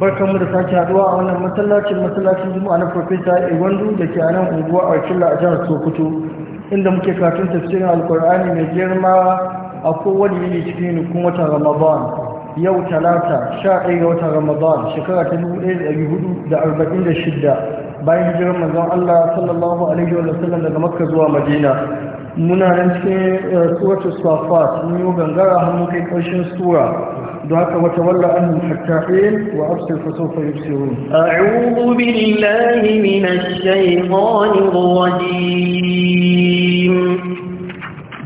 mu da sake haduwa a wannan masallacin masallacin juma'a na profesa ewandu da ke a nan unguwa a killa a jihar sokoto inda muke karatun tafsirin alkur'ani mai girma a kowane yini cikin nukun watan ramadan yau talata sha ɗaya ga watan ramadan shekara ta dubu ɗaya da ɗari hudu da arba'in da shidda bayan hijirar manzon allah sallallahu alaihi wa sallam daga makka zuwa madina muna nan cikin suratu safat mun yi gangara har mun kai karshen sura don haka wata walla an hatta wa absir fa sawfa yubsirun a'udhu billahi minash shaytanir rajim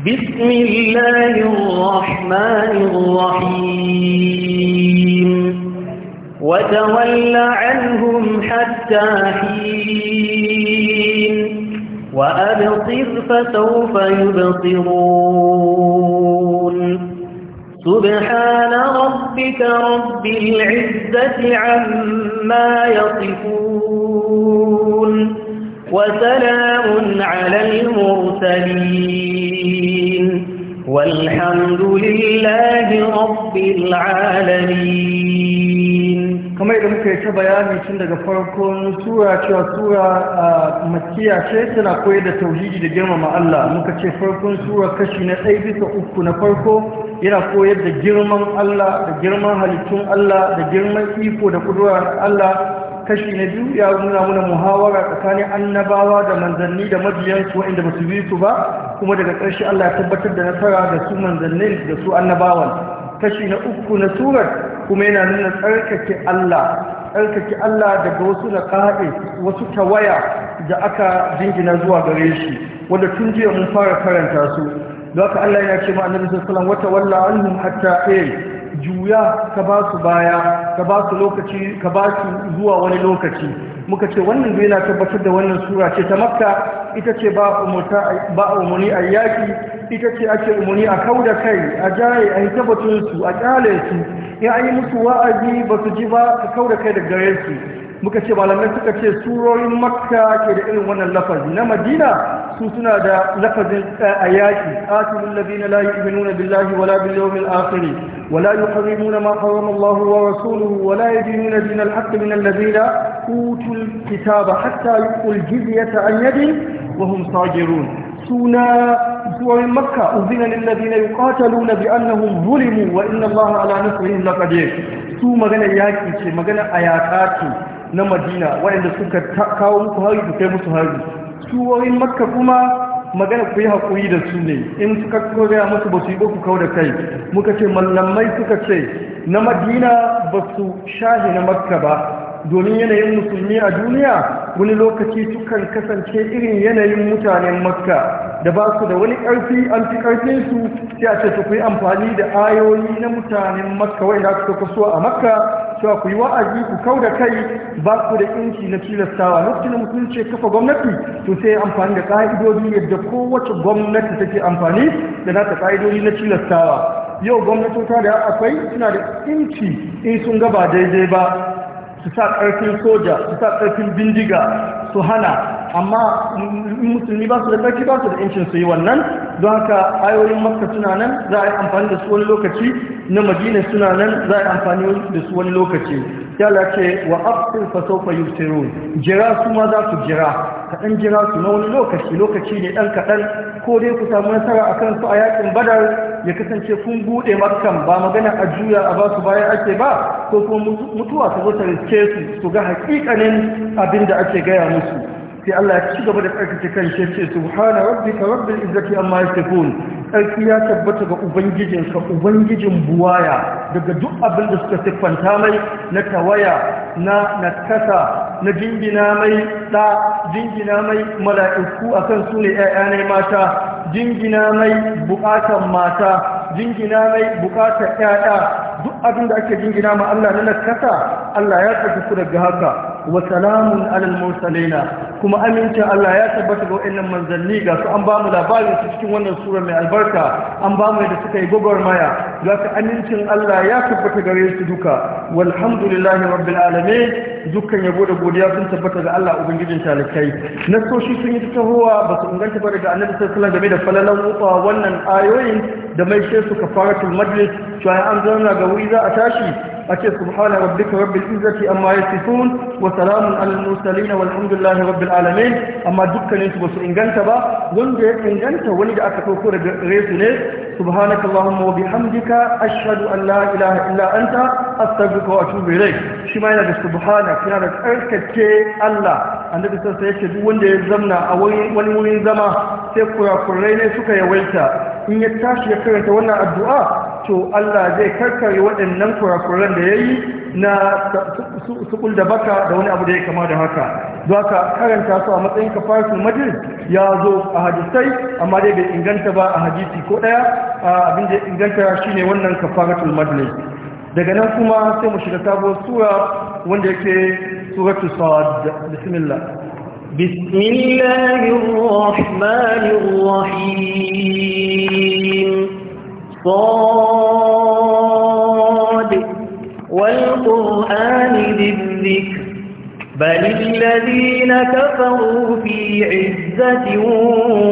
bismillahir rahmanir rahim wa tawalla anhum hatta hin وأبصر فسوف يبصرون سبحان ربك رب العزة عما يصفون وسلام على المرسلين والحمد لله رب العالمين kamar yadda muka yi ta bayani tun daga farkon tura cewa sura a makiya ce tana koyar da tauhidi da girmama Allah muka ce farkon sura kashi na ɗaya bisa uku na farko yana koyar da girman Allah da girman halittun Allah da girman iko da kudurar Allah kashi na biyu ya nuna muna muhawara tsakanin annabawa da manzanni da mabiyansu waɗanda ba su bi su ba kuma daga ƙarshe Allah ya tabbatar da nasara ga su manzannin da su annabawan kashi na uku na surar kuma yana nuna tsarkake Allah tsarkake Allah daga wasu naqa'i wasu tawaya da aka jingina zuwa gare shi wanda tun jiya mun fara karanta su don haka Allah yana ce ma annabi sallallahu alaihi wasallam wata walla anhum hatta ay eh, juya ka ba su baya ka ba su lokaci ka ba su zuwa wani lokaci muka ce wannan zai yana tabbatar da wannan sura ce ta makka ita ce ba umurta ba umuni a ita ce ake umuni a kauda kai a jaye a tabbatar su a kyale su in an yi musu wa'azi ba su ji ba ka kau da kai da gare su muka ce malamai suka ce surorin makka ke da irin wannan lafazi na madina su suna da lafazin eh, a yaƙi qatilul ladina la yu'minuna billahi wala bil yawmil akhir wala yuharrimuna ma harrama Allah wa rasuluhu wala yadinuna din al haqq min alladhina hutun kitaba hatta yuqul jizyata an yadin wa hum sajirun suna سور مكة أذن للذين يقاتلون بأنهم ظلموا وإن الله على نصرهم لقدير su magana yaƙi ce magana ayata ce na madina waɗanda suka kawo muku hari su kai musu hari su wurin makka kuma magana ku yi haƙuri da su ne in suka koya musu ba su yi ku kawo da kai muka ce mallamai suka ce na madina ba su shahi na makka ba domin yanayin musulmi a duniya wani lokaci sukan kasance irin yanayin mutanen makka da ba su da wani ƙarfi an fi su sai a ce su kuyi amfani da ayoyi na mutanen makka da suka kasuwa a makka cewa ku yi wa'azi ku kau da kai ba ku da inci na tilastawa lokacin da mutum ce kafa gwamnati to sai amfani da ƙa'idodi yadda kowace gwamnati take amfani da nata ƙa'idodi na tilastawa yau gwamnatota da akwai suna da inci in sun gaba daidai ba su sa ƙarfin soja su sa ƙarfin bindiga su hana amma musulmi ba su da ƙarfi ba su da yancin su yi wannan don haka ayoyin makka suna nan za a yi amfani da su wani lokaci na madina suna nan za a yi amfani da su wani lokaci ya lace wa afsir fa sawfa yusirun jira su ma za su jira kaɗan jira su na wani lokaci lokaci ne ɗan kaɗan ko dai ku samu nasara a kansu a yakin badar ya kasance kun bude makkan ba magana a juya a basu baya ake ba ko kuma mutuwa su zo ta riske su su ga hakikanin abin da ake gaya musu sai Allah ya ci gaba da tsarkake kan shi ce subhana rabbika rabbil izzati amma yasifun tsarki ya tabbata ga ubangijin ubangijin buwaya daga duk abin da suka siffanta mai na tawaya na nakasa na jingina mai ɗa, jingina mai mala'iku akan su ne mata jingina mai bukatan mata jingina mai bukatar ƴaƴa duk abin da ake jingina ma Allah na nakasa Allah ya tafi ku daga haka wa salamun alal mursalina kuma amincin Allah ya tabbata ga wayannan manzanni ga su an ba mu labarin su cikin wannan sura mai albarka an ba mu da suka yi gwagwarmaya ga ka amincin Allah ya tabbata gare su duka walhamdulillahi rabbil alamin dukkan yabo da godiya sun tabbata ga Allah ubangijin so shi sun yi ta tahowa ba su inganta ba daga annabi sallallahu alaihi game da falalan wuta wannan ayoyin da mai suka kafaratul majlis cewa an zauna ga wuri za a tashi أكيد سبحان ربك رب العزة أما يصفون وسلام على المرسلين والحمد لله رب العالمين أما دكا نتبس إنغانتا با وانجا إنغانتا ولد أكتوكور ريسوني سبحانك اللهم وبحمدك أشهد أن لا إله إلا أنت أستغفرك وأتوب إليك شما ينادي سبحانك ينادي أركك الله أنا بس ya ce duk wanda ya zamna a wani wurin zama sai kurakurai ne suka yawaita in ya tashi to Allah zai karkare waɗannan kurakuran da ya yi na sukul da baka da wani abu da ya kama da haka za ka karanta su a matsayin kafaratul majlis ya zo a hadisai amma dai bai inganta ba a hadisi ko ɗaya abin da inganta inganta shine wannan kafaratul majlis daga nan kuma sai mu shiga sabuwar sura wanda yake suratul sad bismillah bismillahir rahmanir rahim الصاد والقرآن بالذكر بل الذين كفروا في عزة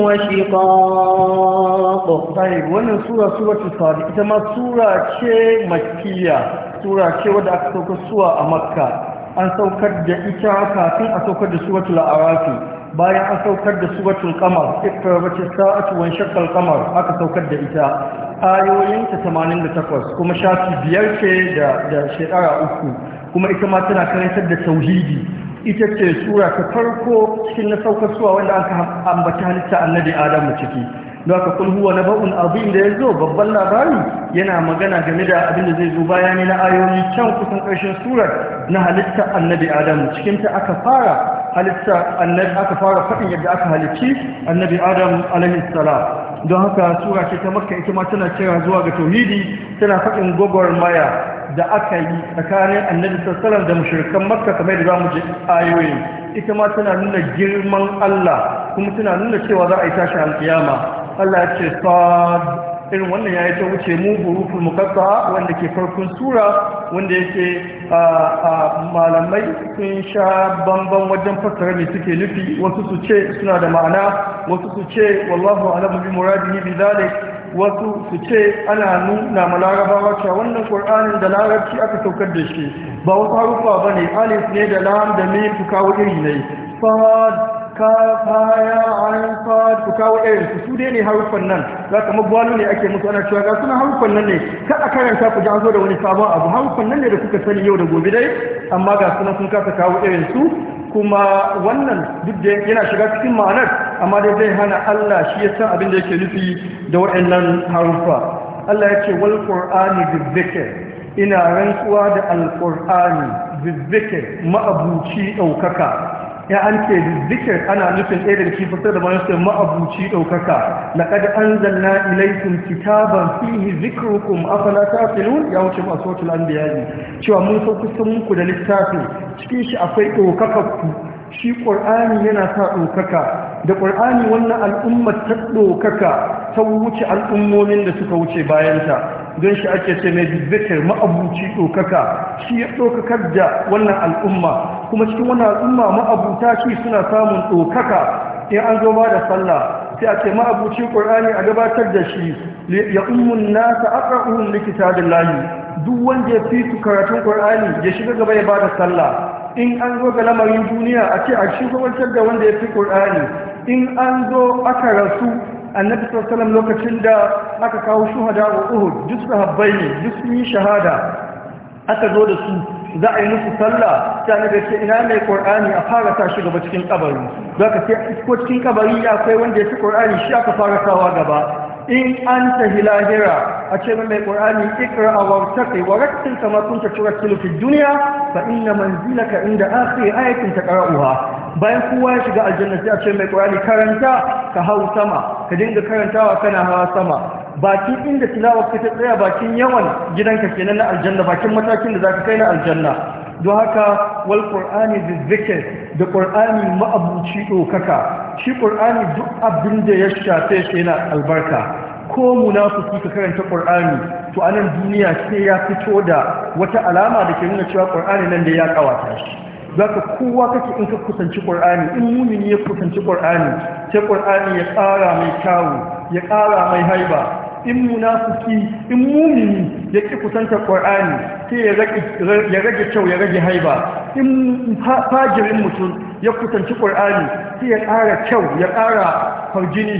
وشقاق طيب وانا سورة سورة الصاد كما سورة شيء مكية سورة شيء ودعك أكتوك سورة مكة an saukar da ita kafin سورة saukar bayan an saukar da suratul kamar. iqtarabatis sa'atu wan shaqqal kamar aka saukar da ita ayoyinta 88 kuma shafi biyar ce da da shekara uku kuma ita ma tana karantar da tauhidi ita ce sura ta farko cikin na saukar suwa wanda aka ambata halitta annabi adamu ciki don haka kul wa naba'un azim da yazo babban labari yana magana game da abin da zai zo bayani na ayoyi can kusan karshen surar na halitta annabi adamu cikin ta aka fara halitta annabi aka fara faɗin yadda aka halicci annabi adam alaihi salam don haka sura ce ta makka ita ma tana cewa zuwa ga tauhidi tana faɗin maya da aka yi tsakanin annabi sassalar da mashirkan makka kamar da za mu ji ayoyi ita ma tana nuna girman allah kuma tana nuna cewa za a yi tashi alƙiyama. allah ya ce sad irin wannan ya yi ta wuce mu buruful mukatta wanda ke farkon sura wanda yake malamai sun sha bamban wajen fassara mai suke nufi wasu su ce suna da ma'ana wasu su ce wallahu alamu bi muradihi bi zalik wasu su ce ana nuna ma larabawa cewa wannan qur'anin da larabci aka saukar da shi ba wasu harufa bane alif ne da lam da mim su kawo iri ne fa Ka ya an fadu kawo irin su dai ne haruffan nan za ka magwalo ne ake musu ana cewa ga suna haruffan nan ne ka a karanta ku ji da wani sabon abu haruffan nan ne da kuka sani yau da gobe dai amma ga suna sun kasa kawo irin su kuma wannan duk da yana shiga cikin ma'anar amma dai zai hana Allah shi ya san abin da yake nufi da waɗannan haruffa Allah ya ce wal qur'ani ina rantsuwa da al qur'ani bizikr ma'abuci daukaka ya an ce zikir ana nufin ɗaya daga cikin da bayan su ma'abuci ɗaukaka na an anzalna ilaikun kitaban fihi fana ta taqilun ya wuce ma suratul anbiya cewa mun sauƙi sun muku da littafi cikin shi akwai ɗaukaka ku shi ƙur'ani yana sa ɗaukaka da ƙur'ani wannan al'umma ta ɗaukaka ta wuce al'ummomin da suka wuce bayanta don shi ake ce mai bibbikar ma'abuci ɗaukaka shi ya ɗaukakar da wannan al'umma kuma cikin wannan al'umma ma'abuta shi suna samun ɗaukaka in an zo ba da sallah sai a ce ma'abuci ƙur'ani a gabatar da shi ya ummun nasa da likitabillahi duk wanda ya fi karatun ƙur'ani ya shiga gaba ya ba da sallah in an zo ga lamarin duniya a ce a shugabantar da wanda ya fi ƙur'ani in an zo aka rasu annabi sallallahu lokacin da aka kawo shuhada a uhud duk sahabbai ne duk sun yi shahada aka zo da su za a yi musu sallah ta na gaske ina mai ƙor'ani a fara sa shi gaba cikin kabari za ka ce ko cikin kabari akwai wanda ya fi ƙor'ani shi aka fara sawa gaba in an ta hilahira, a ce mai qur'ani ikra wa taqi wa rattil kama kunta turattilu fi duniya, fa inna manzilaka inda akhir ta taqra'uha bayan kowa ya shiga aljanna sai a ce mai ƙorani karanta ka hau sama ka dinga karantawa kana hawa sama bakin inda tilawar ka ta tsaya bakin yawan gidanka kenan na aljanna bakin matakin da za ka kai na aljanna don haka wal qur'ani zikr da qur'ani ma'abuci dokaka shi ƙur'ani duk abin da ya shafe shi yana albarka ko munafiki ka karanta ƙur'ani, to a nan duniya sai ya fito da wata alama da ke nuna cewa ƙur'ani nan da ya ƙawata shi zaka kowa kake in ka kusanci qur'ani in mumini ya kusanci qur'ani sai ƙur'ani ya ƙara mai kyawu ya ƙara mai haiba in munafiki in mumini ya ki kusantar qur'ani sai ya rage kyau ya rage haiba in fajirin mutum ya kusanci qur'ani sai ya ƙara kyau ya ƙara farjini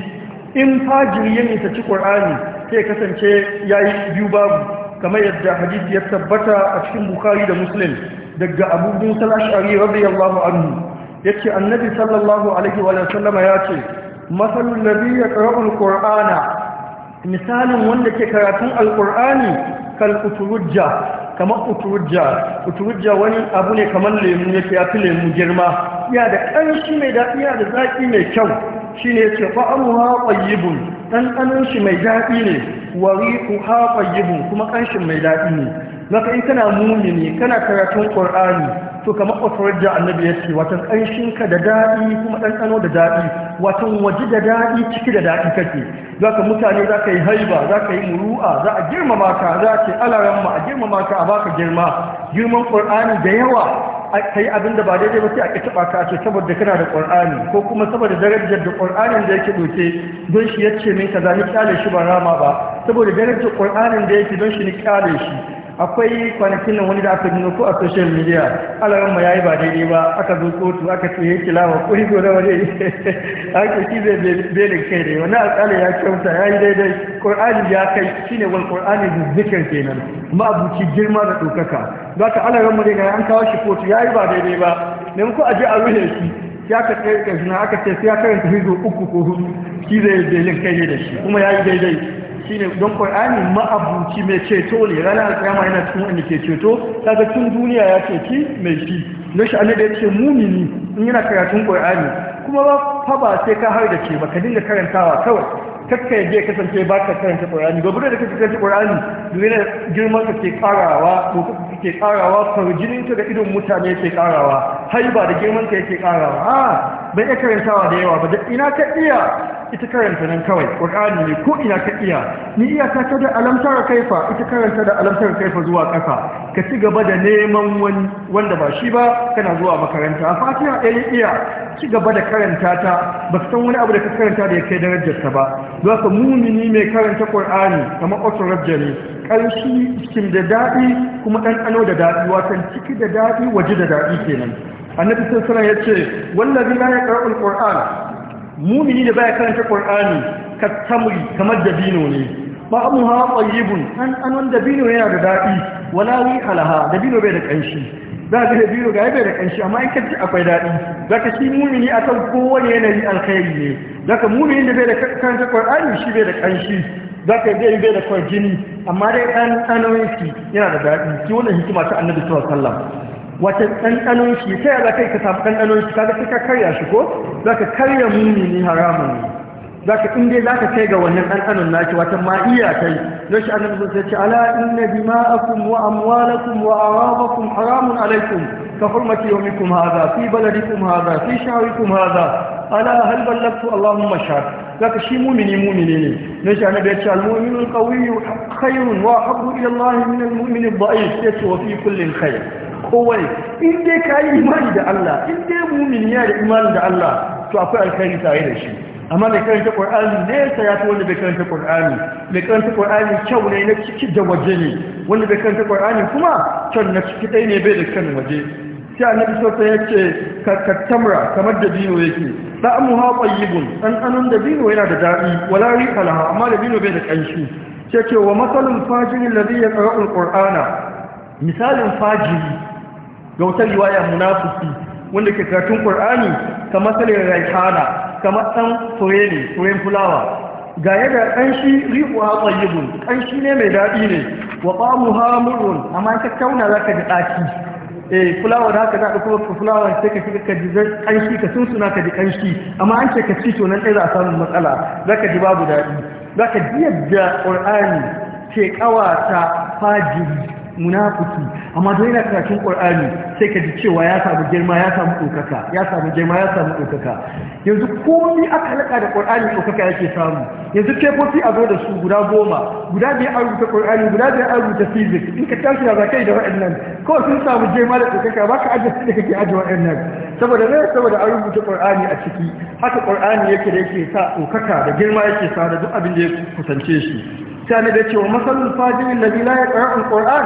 in fajiri ya nisanci qur'ani sai ya kasance yayi biyu babu kamar yadda hadisi ya tabbata a cikin bukhari da muslim daga abubuwan musa al-ash'ari radiyallahu anhu yace annabi sallallahu alaihi wa sallama yace masalul ladhi yaqra'u al-qur'ana misalin wanda ke karatun alkur'ani kan uturujja kamar uturujja uturujja wani abu ne kamar lemu yake ya fi lemu girma iya da ƙarshi mai daɗi iya da zaƙi mai kyau shi ne ce fa'amuwa ƙwayyibun ɗanɗanin shi mai daɗi ne wari ku ha kuma ƙanshin mai daɗi ne maka in kana mumini kana karatun ƙur'ani to kamar otorajin annabi ya ce watan ka da daɗi kuma ɗanɗano da daɗi watan waje da daɗi ciki da daɗi kake za ka mutane za ka yi haiba za ka yi muru'a za a girmama ka za a ce ma a girmama ka a baka girma girman ƙur'ani da yawa a yi abin da ba daidai ba sai a kitaba ka ce saboda kana da ƙur'ani ko kuma saboda darajar da ƙur'anin da yake doke don shi yace min kaza ni kyale shi ba rama ba saboda darajar ƙur'anin da yake don shi ni kyale shi akwai kwanakin nan wani da aka nuna ko a social media alaran ma yayi ba daidai ba aka zo kotu aka ce yake lawa kuri ko da wani aka shi zai bele kai da wani alƙalin ya kyauta yayi daidai qur'ani ya kai shine wal qur'ani da zikr kenan ma ci girma da dokaka zaka alaran mu ne an kawo shi kotu yayi ba daidai ba ne ko aje a ruhe shi ya ka tsaye ƙarshen aka ce sai ya karanta hizo uku ko hudu shi zai belin kai da shi kuma ya yi daidai shine don qur'ani ma'abuci mai ceto ne ranar kiyama yana cikin wanda ke ceto kaga tun duniya ya ceci mai shi na shi da ya ce mumini in yana karatun qur'ani kuma ba fa ba sai ka har da ke ba ka dinga karantawa kawai kakka yaje kasance ba ka karanta Qur'ani ba bude da kake karanta ƙwarani yana girman ka ke karawa ko ke karawa farjinin ka da idon mutane ke karawa har ba da girman ka yake karawa a bai karantawa da yawa ba da ina ka iya ita karanta nan kawai Qur'ani ne ko ina ka iya ni iya ta da alamtar kaifa ita karanta da alamtar kaifa zuwa kasa ka ci gaba da neman wani wanda ba shi ba kana zuwa makaranta a fatiha ɗaya iya ci gaba da karanta ta ba san wani abu da ka karanta da ya kai ta ba za ka mumini mai karanta Kur'ani kamar otun ne ƙarshi cikin da daɗi kuma ɗanɗano da daɗi watan ciki da daɗi waje da daɗi kenan annabi sanar ya ce wallazi la ya ƙarɓar ƙur'an mumini da baya karanta ƙur'ani Kattamri, kamar dabino ne ba abu ha tsayibun ɗanɗanon dabino yana da daɗi wala riha laha dabino bai da kanshi za ga dabino ga bai da kanshi amma in kace akwai dadi ka shi mumini akan kowane yanayi alkhairi ne za ka mumini da bai da kanta Qur'ani shi bai da kanshi ka bai bai da jini, amma dai kan shi yana da dadi shi wannan hikima ta Annabi sallallahu alaihi wasallam wata ɗanɗanon shi sai za ka yi ka samu ɗanɗanon shi kaga sai ka karya shi ko za ka karya mumini haramun ne zaka in dai zaka kai ga wannan ɗanɗanon naki wata ma iya kai don shi annabi sai ce ala inna dima'akum wa amwalakum wa arabakum haramun alaikum ka hurmati yawmikum hadha fi baladikum hadha fi sha'rikum hadha ala hal ballagtu allahumma shahid zaka shi mumini mumini ne don shi annabi ya ce al-mu'minu al-qawiyyu khayrun wa habbu ila allah min al-mu'min ad-da'if yace wa fi kullin khayr kowai in dai ka yi imani da Allah in dai mumin ya da imani da Allah to akwai alkhairi tare da shi amma mai karanta ƙwar'ani ne ya fi wanda bai karanta ƙwar'ani mai karanta ƙwar'ani kyau ne na ciki da waje ne wanda bai karanta ƙwar'ani kuma kyau na ciki ɗai ne bai da kyan waje sai annabi sosa ya ce kattamra kamar da bino yake ɗa'amu ha ƙwayyibun ɗanɗanon da bino yana da daɗi wala riƙalaha amma da bino bai da ƙanshi sai ce wa matsalin fajirin lazi ya tsara'ul ƙwar'ana misalin fajiri ga wata riwaya munafiki wanda ke karatun ƙwar'ani kamar salin raihana kamar ɗan soye ne fulawa ga yadda ƙanshi riƙo ha tsayibun ƙanshi ne mai daɗi ne wa mu ha murun amma ka kauna za ka ji ɗaki e eh, fulawa da haka za ka kuma fulawa sai ka ka ji ƙanshi ka suna ka ji ƙanshi amma an ce ka ci to nan ɗaya za a samu matsala za ka ji babu daɗi za ka ji yadda ƙur'ani ke ƙawata fajiri munafiki amma don yana karatun ƙwar'ani sai ka ji cewa ya samu girma ya samu ɗaukaka ya samu girma ya samu ɗaukaka yanzu komi aka halaka da ƙwar'ani ɗaukaka yake samu yanzu kefofi a zo da su guda goma guda biyar an rubuta ƙwar'ani guda biyar an rubuta fizik in ka tashi da zakai da nan, kawai sun samu girma da ɗaukaka ba ka ajiye da kake ajiye nan. saboda ne saboda an rubuta ƙwar'ani a ciki haka ƙwar'ani yake da yake sa ɗaukaka da girma yake sa da duk abin da ya kusance shi sai da cewa masalul fajiri da la ya ƙara'un ƙor'an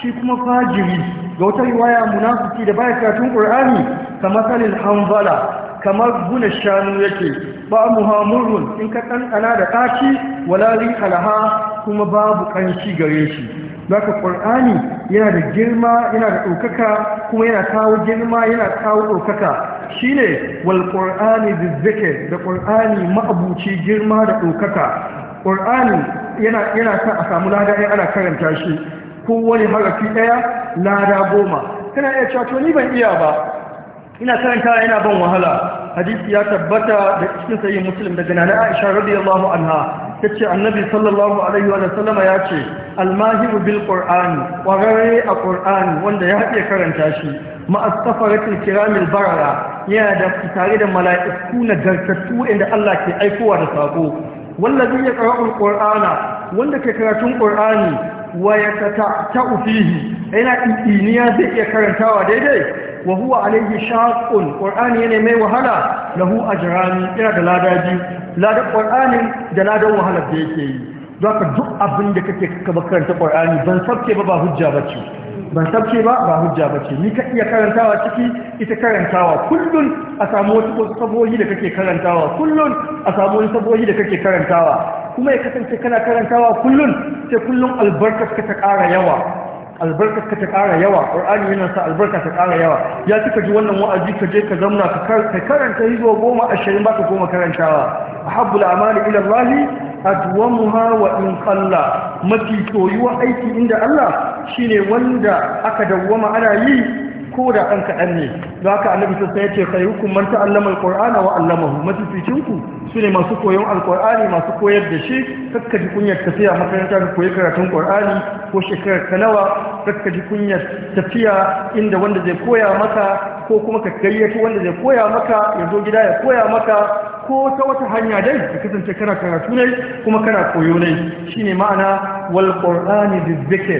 shi kuma fajiri ga wata riwaya munafiki da baya karatun ƙor'ani ka matsalin ambala, kamar guna shanu yake ba muhammurun in ka ɗanɗana da ɗaci walari alha, kuma babu ƙanshi gare shi zaka ƙur'ani yana da girma yana da ɗaukaka kuma yana kawo girma yana kawo ɗaukaka shine wal ƙur'ani zizzike da ƙur'ani ma'abuci girma da ɗaukaka ƙur'ani yana sa a samu lada ɗaya ana karanta shi ko wani harafi ɗaya lada goma kana iya cewa ni ban iya ba ina karanta yana ban wahala hadisi ya tabbata da cikin sayi musulun. daga nana aisha radiyallahu anha ta ce annabi sallallahu alaihi wa sallama ya ce almahiru bil qur'ani ƙwararre a qur'ani wanda ya haɗe karanta shi ma'astafaratul kiramil barara yana da tare da mala'iku na gartattu inda Allah ke aikowa da sako wallazi ya qara'ul qur'ana wanda ke karatun qur'ani wa yatata'u fihi yana idiniya zai iya karantawa daidai wa huwa alayhi ƙur'ani qur'ani yana mai wahala lahu ajrani yana da ladaji ladan ƙur'ani da ladan wahalar da yake yi zaka duk abin da kake ka karanta qur'ani ban sabke ba ba hujja bace ban sabke ba ba hujja ba ce ni ka iya karantawa ciki ita karantawa kullun a samu wasu sabohi da kake karantawa kullun a samu wasu sabohi da kake karantawa kuma ya kasance kana karantawa kullun sai kullun albarkar ka ta ƙara yawa albarkar ka ta ƙara yawa ƙur'ani yana sa albarka ta ƙara yawa ya ci ka ji wannan wa'azi ka je ka zauna ka karanta hizo goma ashirin ba ka goma karantawa ahabbul amali ila allahi adwamuha wa in qalla mafi soyuwa aiki inda Allah shine wanda aka dawwama ana yi ko da ɗan kaɗan ne da haka annabi sun sai ce kai hukumar ta allama alƙur'ana wa allamahu matuficinku su ne masu koyon alƙur'ani masu koyar da shi kakka ji kunyar tafiya makaranta ka koyi karatun ƙur'ani ko shekarar ka nawa kakka ji kunyar tafiya inda wanda zai koya maka ko kuma ka gayyato wanda zai koya maka ya zo gida ya koya maka ko ta wata hanya dai ka kasance kana karatu ne kuma kana koyo ne shine ma'ana wal qur'ani bizikr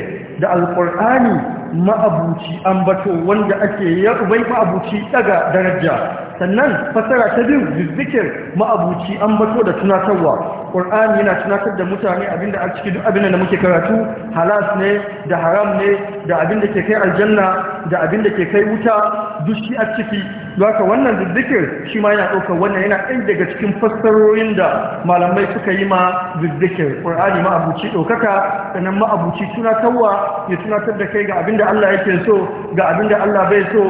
da al qur'ani ma'abuci an bato wanda ake yarubai ma'abuci daga daraja sannan fasara ta biyu zikir ma'abuci an bato da tunatarwa Qur'ani yana tunatar da mutane abinda a cikin duk abinda da muke karatu halas ne da haram ne da abinda ke kai aljanna da abinda ke kai wuta duk shi a ciki waka wannan zikir shi ma yana ɗaukar wannan yana ɗaya daga cikin fassarorin da malamai suka yi ma zikir Qur'ani ma'abuci ɗaukaka sannan ma'abuci tunatarwa ya tunatar da kai ga abin abinda Allah yake so ga abinda Allah bai so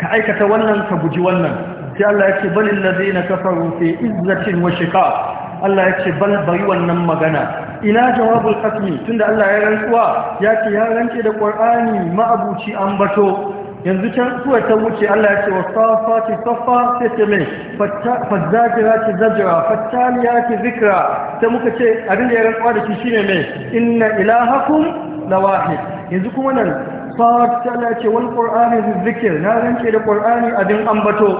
ka aikata wannan ka guji wannan sai Allah yake balil ladina kafaru fi izzatin wa shiqaq Allah yake bal bai wannan magana ina jawabul qasmi tunda Allah ya rantsuwa yake ya rance da Qur'ani ma'abuci ambato yanzu can suwa ta wuce Allah ya ce wa safati safa sai ce mai fazzajira ce zajira fattaliya ce zikra ta muka ce abin da ya rantsuwa da shi shine mai inna ilahakum lawahid yanzu kuma nan fa'ad ta ce wal qur'ani zikir na rance da qur'ani abin ambato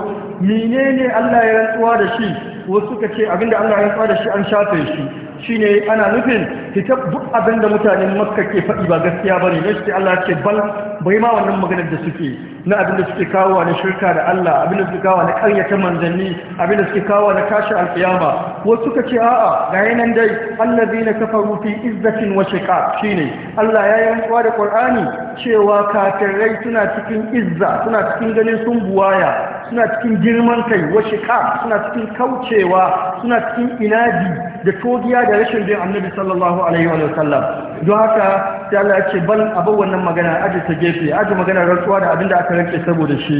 menene Allah ya rantsuwa da shi wasu suka ce abinda Allah ya rantsuwa da shi an shafe shi shine ana nufin kitab duk abinda mutanen Makka ke faɗi ba gaskiya bane ne shi Allah ce bal bai ma wannan maganar da suke na abinda suke kawo na shirka da Allah abinda suke kawo na ƙaryata manzanni abinda suke kawo na kashi alƙiyama wasu suka ce a'a ga yanan dai allazina kafaru fi izzatin wa shiqaq shine Allah ya yi rantsuwa da Qur'ani cewa kafirai suna cikin izza suna cikin ganin sun buwaya suna cikin girman kai wa shika suna cikin kaucewa suna cikin inadi da togiya da rashin bin annabi sallallahu alaihi wa sallam don haka sai Allah ce bal abu wannan magana aje ta gefe aje magana rantsuwa da abinda aka rantsa saboda shi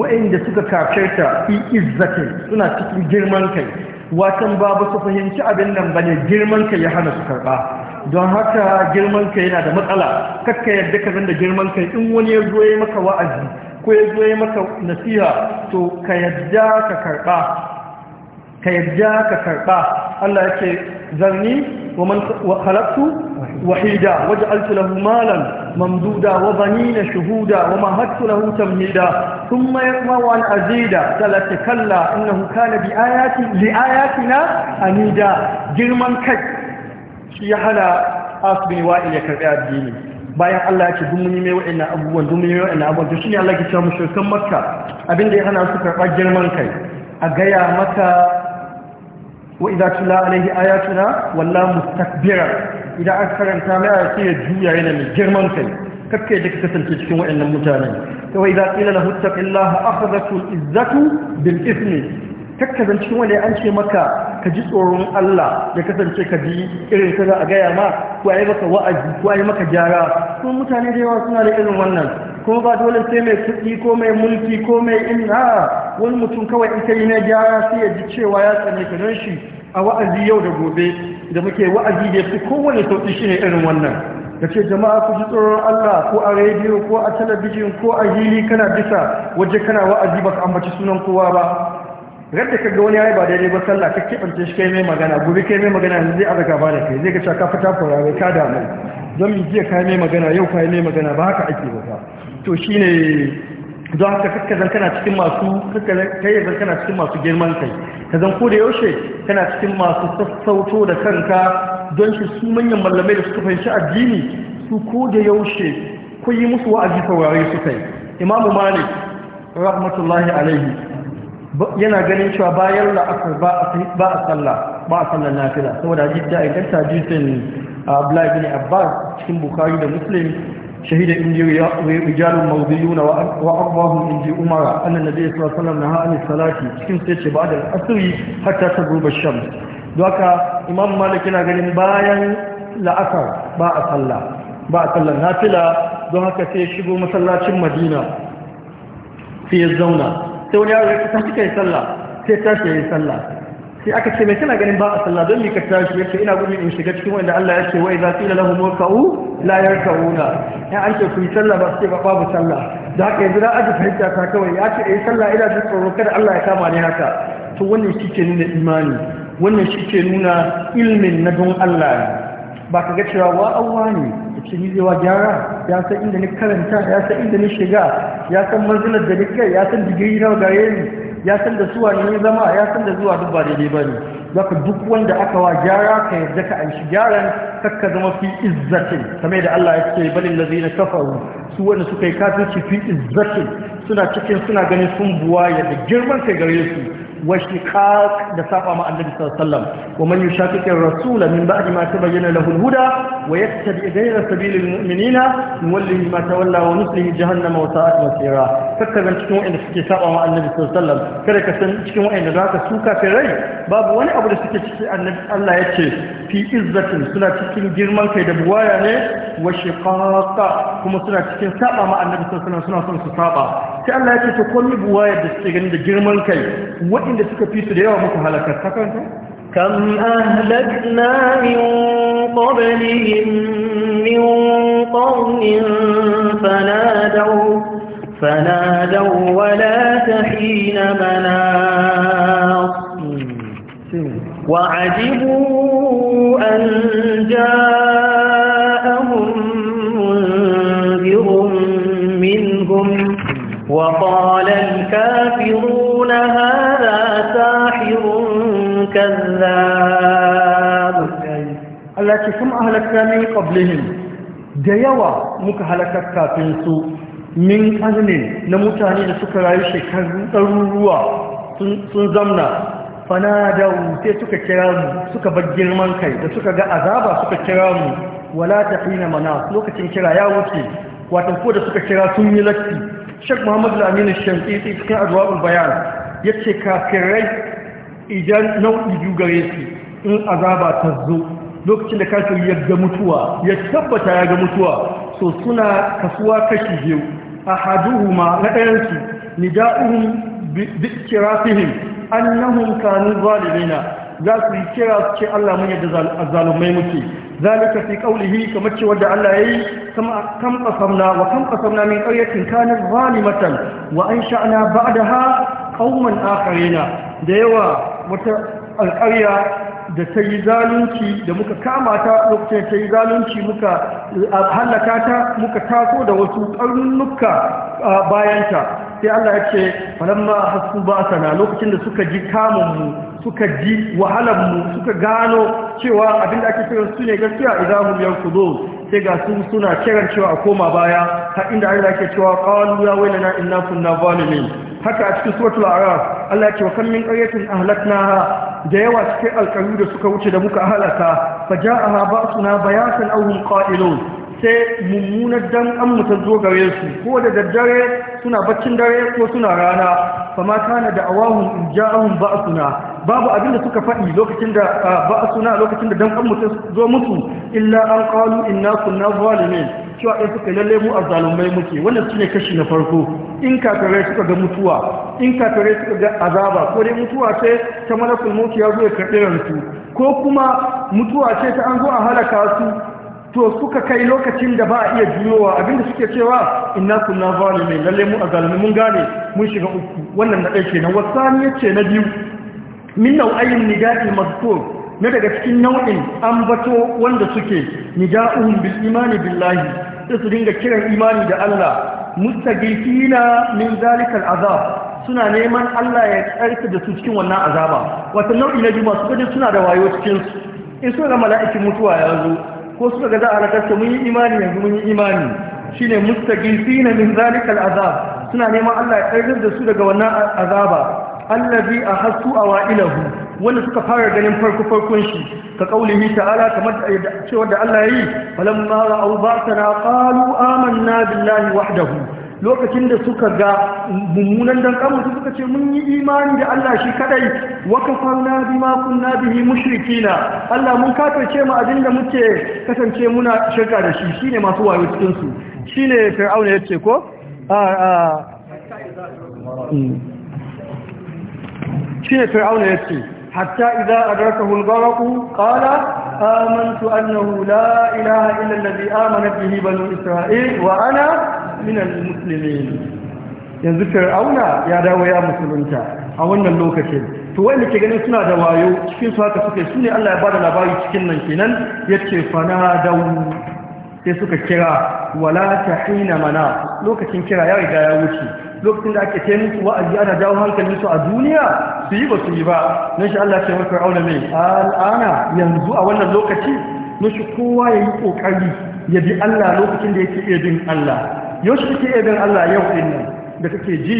wa'inda suka kafirta fi izzatin suna cikin girman kai watan ba ba su fahimci abin nan bane girman kai ya hana su karba don haka girman kai yana da matsala kakka yadda ka zanda girman kai in wani ya zo ya maka wa'azi ko ya zo ya maka nasiha to ka yadda ka karɓa ka yadda ka karɓa Allah yake zarni wa man khalaqtu wahida waj'altu lahu malan mamduda wa banina shuhuda wa mahattu lahu tamhida thumma yatma'u an azida talaka kalla innahu kana bi ayati li ayatina anida girman kai shi ya hana asbin wa'il ya karɓi addini bayan Allah ya ce dun mun yi mai wa'annan abubuwan dun mun yi wa'annan abubuwan to shine Allah ke cewa mushrikan Makka abin da ya hana su karɓar girman kai a gaya maka wa idza tula alaihi ayatuna walla mustakbira idan an karanta mai ayati ya juya yana mai girman kai kakkai da kasance cikin wa'annan mutane to wa idza qila lahu taqillaha akhadhatu izzatu bil ismi. kakkazan cikin wanda an ce maka ka ji tsoron Allah ya kasance ka ji irin kaza a gaya ma ko yi maka wa'azi ko yi maka gyara kuma mutane da yawa suna da irin wannan kuma ba dole sai mai kuɗi ko mai mulki ko mai inna wani mutum kawai in yi na gyara sai ya ji cewa ya tsane ka don shi a wa'azi yau da gobe da muke wa'azi da yafi kowane sauƙi shi ne irin wannan da ce jama'a ku ji tsoron Allah ko a rediyo ko a talabijin ko a hili kana bisa waje kana wa'azi ba ka ambaci sunan kowa ba radda ka ga wani yayi ba daidai ba sallah ka kibance shi kai mai magana gobe kai mai magana yanzu zai azaka ba da kai zai ka cewa ka fita ka mai zan yi jiya kai mai magana yau kai mai magana ba haka ake ba to shine don haka kakkazan kana cikin kana cikin masu girman kai ka ko da yaushe kana cikin masu sassauto da kanka don shi su manyan mallamai da suka fahimci addini su ko da yaushe ko yi musu wa'azi saurare su kai imamu malik rahmatullahi alaihi yana ganin cewa bayan la'asar ba a sallah ba a sallah nafila saboda hadisi ya inganta hadisin uh, Abdullahi bin Abbas cikin Bukhari da Muslim shahida inji rijalun mawdiyuna wa arbahum inji umara annan nabi sallallahu alaihi wasallam naha salati cikin sai ce ba da asri hatta taguba shams doka imam malik yana ganin bayan la'akar ba a sallah ba a sallah nafila don haka sai shigo masallacin madina sai ya zauna sai wani yaro ya tashi kai sallah sai tashi yayin sallah sai aka ce mai kana ganin ba a sallah don ka tashi yake ina gudun in shiga cikin wanda Allah ya ce wai za su yi lahu murka'u la yarka'una ya an ce ku yi sallah ba su ce babu sallah da haka yanzu na aji fahimta ta kawai ya ce yi eh, sallah ina jin tsoro kada Allah ya kama ni haka to wannan shi ke nuna imani wannan shi ke nuna ilmin na don Allah ba ka ga cewa wa ne shirizewa gyara ya san inda ni karanta ya san inda ni shiga ya san manzilar da ni kai ya san digiri na gare ni ya san da suwa ne zama ya san da zuwa duk ba daidai ba ne za duk wanda aka wa gyara ka yadda ka aishi gyaran kakka zama fi izzatin kame da Allah ya ce balin lazi na kafaru su wanda suka yi kafinci fi izzatin suna cikin suna ganin sun buwa yadda girman kai gare su washi kak da saba ma annabi sallallahu alaihi wasallam wa man yushaqiq ar-rasul min ba'di ma tabayyana lahu al-huda wa yattabi' ghayra sabili al-mu'minina yuwallihi ma tawalla wa nuslihi jahannama wa sa'at masira kaka ga cikin wanda suke saba ma annabi sallallahu ka san cikin wanda za ka suka kai babu wani abu da suke ciki annabi Allah ya ce fi izzatin suna cikin girman kai da buwaya ne wa shiqaqa kuma suna cikin saba ma annabi sallallahu suna son su saba sai Allah ya ce to kullu buwaya da suke gani da girman kai waɗanda suka fi su da yawa muku halakar hakan كم أهلكنا من قبلهم من قرن فنادوا فنادوا ولا تحين مناد وعجبوا أن جاءهم منذر منهم وقال الكافرون هذا ساحر كذاب التي كم أهلكنا من قبلهم مكهلك الكافر سوء من قرن نموتاني لسكرايش كذب الروا sun zamna fanadau sai suka kira mu suka bar girman kai da suka ga azaba suka kira mu wala hina mana lokacin kira ya wuce wato ko da suka kira sun yi latti Sheikh Muhammad Al-Amin Shamsiti cikin Adwa'ul Bayan yace kafirai idan nau'i biyu gare su in azaba ta zo lokacin da kafir ya ga mutuwa ya tabbata ya ga mutuwa so suna kasuwa kashi biyu ahaduhuma na ɗayan su nida'uhum bi kirafihim annahum kanu zalimina za su yi kira su ce Allah mun yadda zalumai muke zalika fi qawlihi kamar ce wanda Allah yayi kama kam qasamna wa kam qasamna min qaryatin kanat zalimatan wa ansha'na ba'daha qauman akharina da yawa wata alƙarya da ta yi zalunci da muka kama ta lokacin ta yi zalunci muka hallaka ta muka taso da wasu ƙarnuka bayanta sai Allah ya ce falamma hasu ba sana lokacin da suka ji kamunmu suka ji mu suka gano cewa abin da ake kiran su ne gaskiya idan mu yan kudo sai ga su suna kiran cewa a koma baya har inda Allah yake cewa qalu ya wailana inna kunna zalimin haka a cikin suratul araf Allah ya ce wa kan min qaryatin ahlaknaha da yawa cikin alkaru da suka wuce da muka halaka faja'aha ba'suna bayatan aw hum qa'ilun sai mummuna dan an mu zo gare su ko da daddare suna baccin dare ko suna rana fama kana da awahum in ja'ahum ba'suna babu abinda suka faɗi lokacin da a lokacin da an mutum zo mutu illa an ƙalu inna kunna zalimin cewa ɗaya suka lalle mu zalumai muke wannan shine kashi na farko in kafirai suka ga mutuwa in kafirai suka ga azaba ko dai mutuwa ce ta malakul mauti ya zo ya ransu ko kuma mutuwa ce ta an zo a halaka su to suka kai lokacin da ba a iya juyowa abinda suke cewa inna kunna zalimin lalle mu zalumai mun gane mun shiga uku wannan na ɗaya kenan wasani yace na biyu min nau'ayin nidai mazkur na daga cikin nau'in an bato wanda suke nida'un bil imani billahi sai su dinga kiran imani da Allah mustagifina min zalikal azab suna neman Allah ya tsarki da su cikin wannan azaba wata nau'i na juma su kaje suna da wayo cikin su in suka ga mala'ikin mutuwa ya zo ko suka ga za a rakarta mun yi imani yanzu mun yi imani shine mustaqifina min zalikal azab suna neman Allah ya tsarki da su daga wannan azaba allazi ahassu awailahu wanda suka fara ganin farko farkon shi ka kaulihi ta'ala kamar da cewa da Allah yi falamma qalu amanna billahi wahdahu lokacin da suka ga mummunan dan kamun suka ce mun yi imani da Allah shi kadai wa kafarna bima kunna bihi mushrikina Allah mun kafirce mu abinda muke kasance muna shirka da shi shine masu wayo cikin su shine fir'auna yace ko a ah, a ah. hmm. shi ne fir'auna ya ce hatta idan adrakahu al-gharaqu qala amantu annahu la ilaha illa amana bihi banu isra'il wa ana min muslimin yanzu fir'auna ya dawo ya musulunta a wannan lokacin to wanda ke ganin suna da wayo cikin su haka suke su ne Allah ya bada labari cikin nan kenan yace fana dau sai suka kira wala tahina mana lokacin kira ya riga ya wuce lokacin da ake ce musu wa'azi ana jawo hankalin su a duniya su yi ba su yi ba nan shi Allah ce mafi fir'auna mai al'ana yanzu a wannan lokaci shi kowa ya yi kokari ya bi Allah lokacin da yake iya bin Allah yau shi kake iya bin Allah yau ɗin nan da kake ji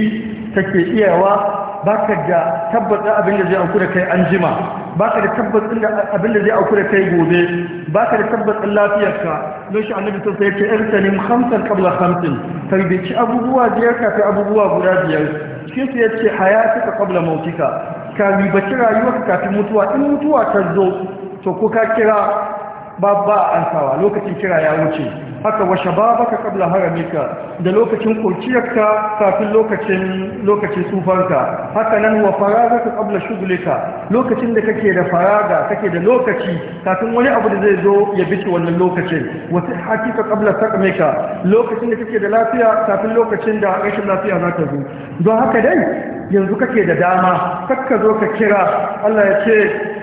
kake iyawa baka da tabbata abin da zai auku da kai an jima baka da tabbacin abin da zai auku da kai gobe baka da tabbacin lafiyarka don shi annabi sai ya ce irtanim hamsan kabla hamsin ci abubuwa biyar kafin abubuwa guda biyar shi su ya ce hayatuka kabla mautika ka ribaci rayuwarka kafin mutuwa in mutuwa ta zo to ko ka kira ba a sawa lokacin kira ya wuce haka wa shababaka qabla haramika da lokacin kurciyarka kafin lokacin lokacin tsufanka haka nan wa faragaka qabla shugulika lokacin da kake da faraga kake da lokaci kafin wani abu da zai zo ya bi wannan lokacin wa sihhatika qabla saqmika lokacin da kake da lafiya kafin lokacin da rashin lafiya za ta zo don haka dai yanzu kake da dama kakka zo ka kira Allah ya ce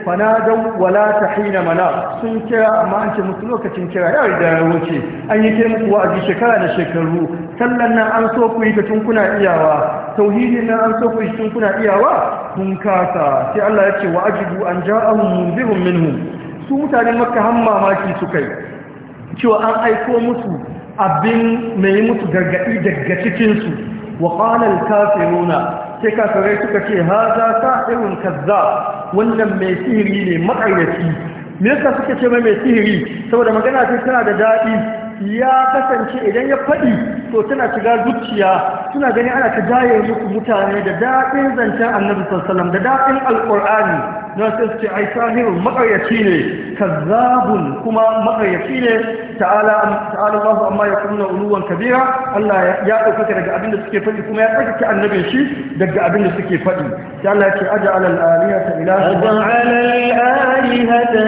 fanadau wala tahina mana sun kira amma an ce musu lokacin kira ya da ya wuce an yi kai musu wa'azi shekara da shekaru sallan nan an so ku yi ta tun kuna iyawa tauhidin nan an so ku yi tun kuna iyawa kun kasa sai Allah ya ce wa ajibu an ja'ahu munzirun minhum su mutanen makka han mamaki su kai. cewa an aiko musu abin mai musu gargadi daga cikin su wa qala al-kafiruna sai kafirai suka ce haza irin kaza, wannan mai sihiri ne makaryaci me yasa suka ce mai sihiri saboda magana ce tana da daɗi ya kasance idan ya faɗi to tana shiga zuciya suna gani ana ta jaye muku mutane da daɗin zancen annabi sallallahu da daɗin alƙur'ani na sai su ce ai ne kazzabun kuma maƙaryaci ne ta'ala ta'ala amma ya kunna uluwan kabira Allah ya ɗaukaka daga abin da suke faɗi kuma ya tsarkake annabin shi daga abin da suke faɗi sai Allah ya ce aja'al al-alihata ilahan alihata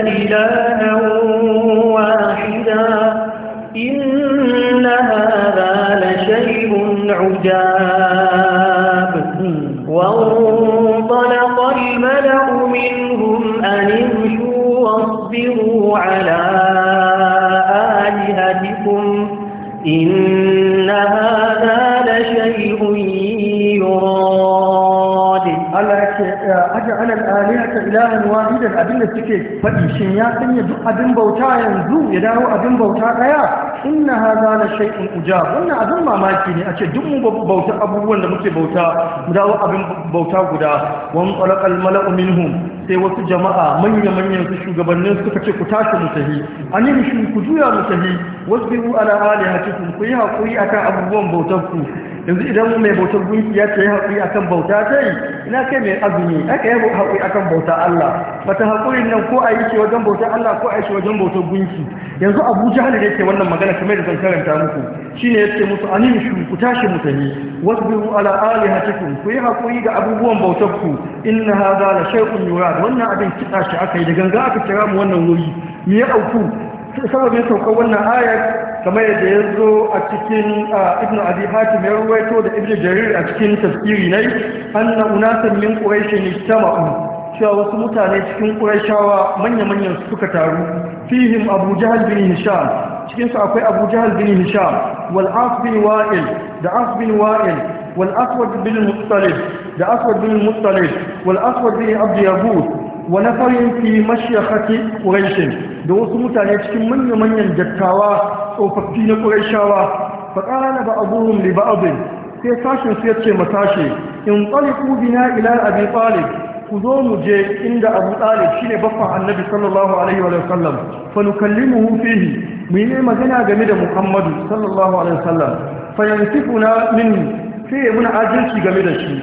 العجاب وانطلق الملأ منهم أن امشوا واصبروا على آلهتكم إن هذا لشيء يراد أجعل الآلهة إلها واحدا أبن السكيك فإن شنيا سنيا أبن بوتا ينزو يداه أبن بوتا قياس inna hadha la shay'un ujab wannan abin mamaki ne a ce duk mu bauta abubuwan da muke bauta mu dawo abin bauta guda wan qalaqal mala'u minhum sai wasu jama'a manya manyan su shugabannin suka ce ku tashi mu tahi an yi ku juya mu tahi wasbiru ala alihatikum ku yi hakuri akan abubuwan bautar ku yanzu idan mai bautar gunki ya ce haƙuri akan bauta ta yi ina kai mai azumi aka yi haƙuri akan bauta Allah bata haƙurin nan ko a yi wajen bautar Allah ko a yi wajen bautar gunki yanzu Abu Jahal da yake wannan magana kamar da zan karanta muku ne yake musu a anin shi ku tashi mu tani wasbiru ala alihatikum ku yi haƙuri ga abubuwan bautar ku inna da shaikun yura da wannan abin kiɗa shi aka yi da ganga aka kira mu wannan wuri me ya ɗauku sababin saukar wannan ayar kamar yadda ya zo a cikin ibn abi hatim ya ruwaito da ibn jarir a cikin tafsiri nai anna unasan min quraish ijtama'u cewa wasu mutane cikin qurayshawa manya-manyan suka taru fihim abu jahal bin hisham cikin su akwai abu jahal bin hisham wal as bin wa'il da as bin wa'il wal aswad bin muttalib da aswad bin muttalib wal aswad bin abd yabud wa nafarin fi mashyakhati quraish da wasu mutane cikin manyan manyan jattawa tsofaffi na quraishawa fa qala ba'dhum li ba'd sai sashin su yace masashi in ku bina ila abin talib ku zo mu je inda abu shi shine baffan annabi sallallahu alaihi wa sallam fa nukallimuhu kalli mu yi magana game da muhammadu sallallahu alaihi wa sallam fa yansifuna min sai muna ajinci game da shi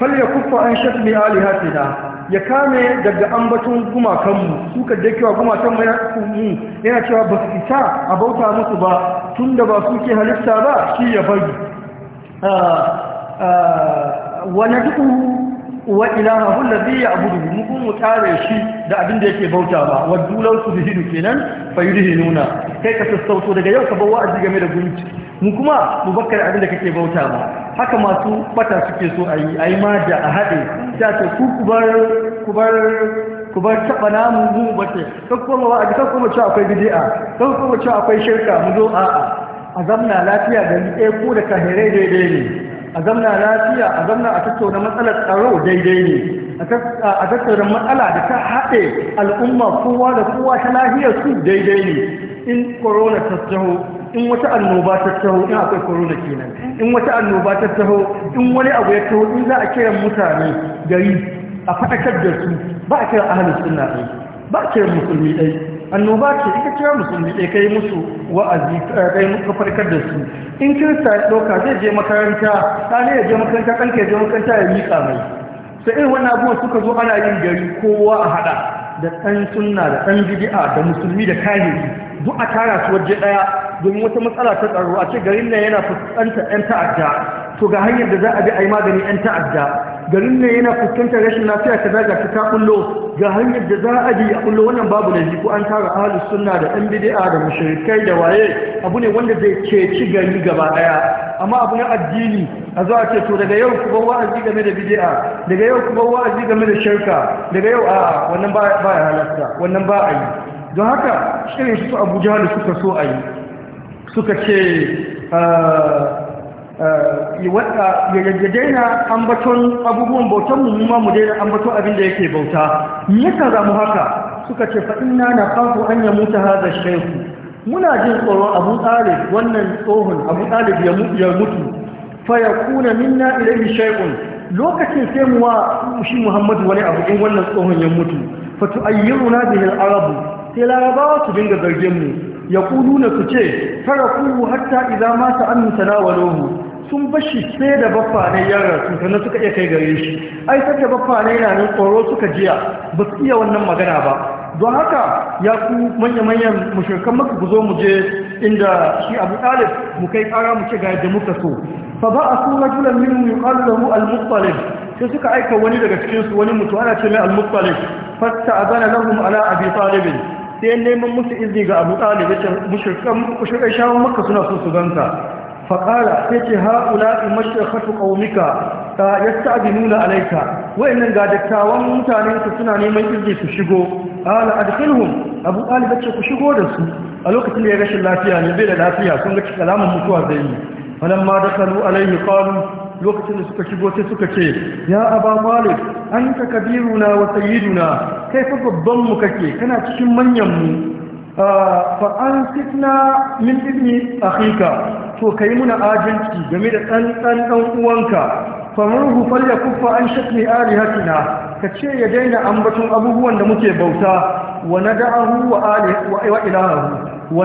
fal kuffa an shakli alihatina ya kame daga ambaton gumakanmu suka dakewa gumakanmu ya mu yana cewa ba su isa a bauta musu ba tun da ba suke halitta ba shi ya bari ah, ah, wane duk wa ilaha hullazi ya'budu mu kun mu shi da abin da yake bauta ba wa dulau su bihidu kenan fa nuna. kai ka sassauto daga yau ka bar wa'azi game da gunci mu kuma mu bakkar abin da kake bauta ba haka masu bata suke so ayi ayi ma da a hade ta ku kubar kubar kubar bar taɓa namu mu bace kan kuma wa'azi kan kuma cewa akwai bid'a kan kuma cewa akwai shirka mu zo a'a azamna lafiya da ni eh ko da kahirai daidai ne a zamna lafiya a zamna a tattauna matsalar tsaro daidai ne a tattauna matsala da ta haɗe al'umma kowa da kowa ta lahiyar su daidai ne in corona ta taho in wata annoba ta taho in akwai corona kenan in wata annoba ta taho in wani abu ya taho in za a kira mutane gari a faɗakar da su ba a kira ahalin sunna ɗai ba a kira musulmi ɗai annoba ce ita kira musulmi ɗaya kai musu wa'azi eh, kai musu farkar da su in kirista ya ɗauka zai je makaranta ne ya je makaranta ka ya je makaranta ya yi mai sai irin wannan abubuwan suka zo ana yin gari kowa a haɗa da ɗan sunna da ɗan bidi'a da musulmi da kayayyaki duk a tara su waje ɗaya domin wata matsala ta tsaro a ce garin nan yana fuskantar 'yan ta'adda to ga hanyar da za a bi a yi magani 'yan ta'adda garin ne yana fuskantar rashin lafiya ta daga ta kullo ga hanyar da za a bi a kullo wannan babu da jiku. an tara ahalus sunna da ɗan bid'a da mushrikai da waye abu ne wanda zai ceci gari gaba daya amma abu na addini a zuwa a ce to daga yau kuma wa'azi game da bid'a daga yau kuma wa'azi game da shirka daga yau a wannan ba ya halarta wannan ba a yi don haka shirin su Abuja da suka so a yi suka ce ah, Eh, ya daina ambaton abubuwan bautan mu ma mu daina ambaton abin da yake bauta yakan zamu haka suka ce fa inna na kafu an ya mutu hadha shaykh muna jin tsoron abu talib wannan tsohon abu talib ya mutu ya mutu fa yakuna minna ilayhi shaykhun lokacin sai mu wa shi muhammadu wani abu in wannan tsohon ya mutu fa tu'ayyiruna bihi al-arab sai larabawa su dinga zargin mu na su ce kuhu hatta idza ma ta'annu tanawaluhu sun bashi sai da baffanai yara, rasu sannan suka iya kai gare shi ai da baffanai na nan tsoro suka jiya ba su iya wannan magana ba don haka ya ku manya-manyan mashirkan maka ku zo mu je inda shi abu ɗalib mu kai ƙara mu ce ga yadda muka so fa ba a su rajulan min yuqalu lahu al-muttalib sai suka aika wani daga cikinsu wani mutum ana ce mai al-muttalib fatta abana lahum ala abi talibin sai neman musu izini ga abu talib yace mushrikan mushrikai shawun suna so su ganta faqala sai ce haula imashkhatu qaumika ta yasta'dinuna alayka wayannan ga dattawan mutanen su suna neman izini su shigo ala adkhilhum abu talib ku shigo da su a lokacin da ya rashin lafiya ne bai da lafiya sun ga kalamin mutuwa zai yi falamma dakalu alayhi qalu lokacin da suka shigo sai suka ce ya aba malik an ka na wa na kai fa babban mu kake kana cikin manyan mu ah, fa an sitna min ibni akhika to kai muna ajanci game da dan dan dan uwanka famarhu falyakuffa an shakli alihatina ce ya daina ambaton abubuwan da muke bauta wa nad'ahu wa alihi wa wa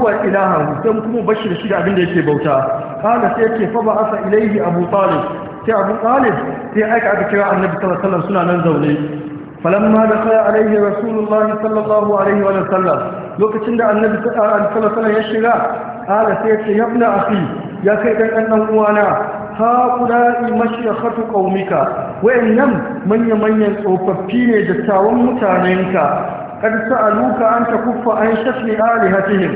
wa dan kuma bashi da shi da abin da yake bauta kala sai yake fa asa ilaihi abu talib sai abu talib sai aika aka kira annabi sallallahu suna nan zaune falamma da kaya alaihi rasulullahi sallallahu alaihi wa sallam lokacin da annabi sallallahu alaihi wasallam ya shiga kala sai yake ya ibn akhi ya kai dan dan uwana ha kudai mashakhatu qaumika wayannan manya manyan tsofaffi ne da tawon mutanenka kad sa'aluka an takuffa an shafni alihatihim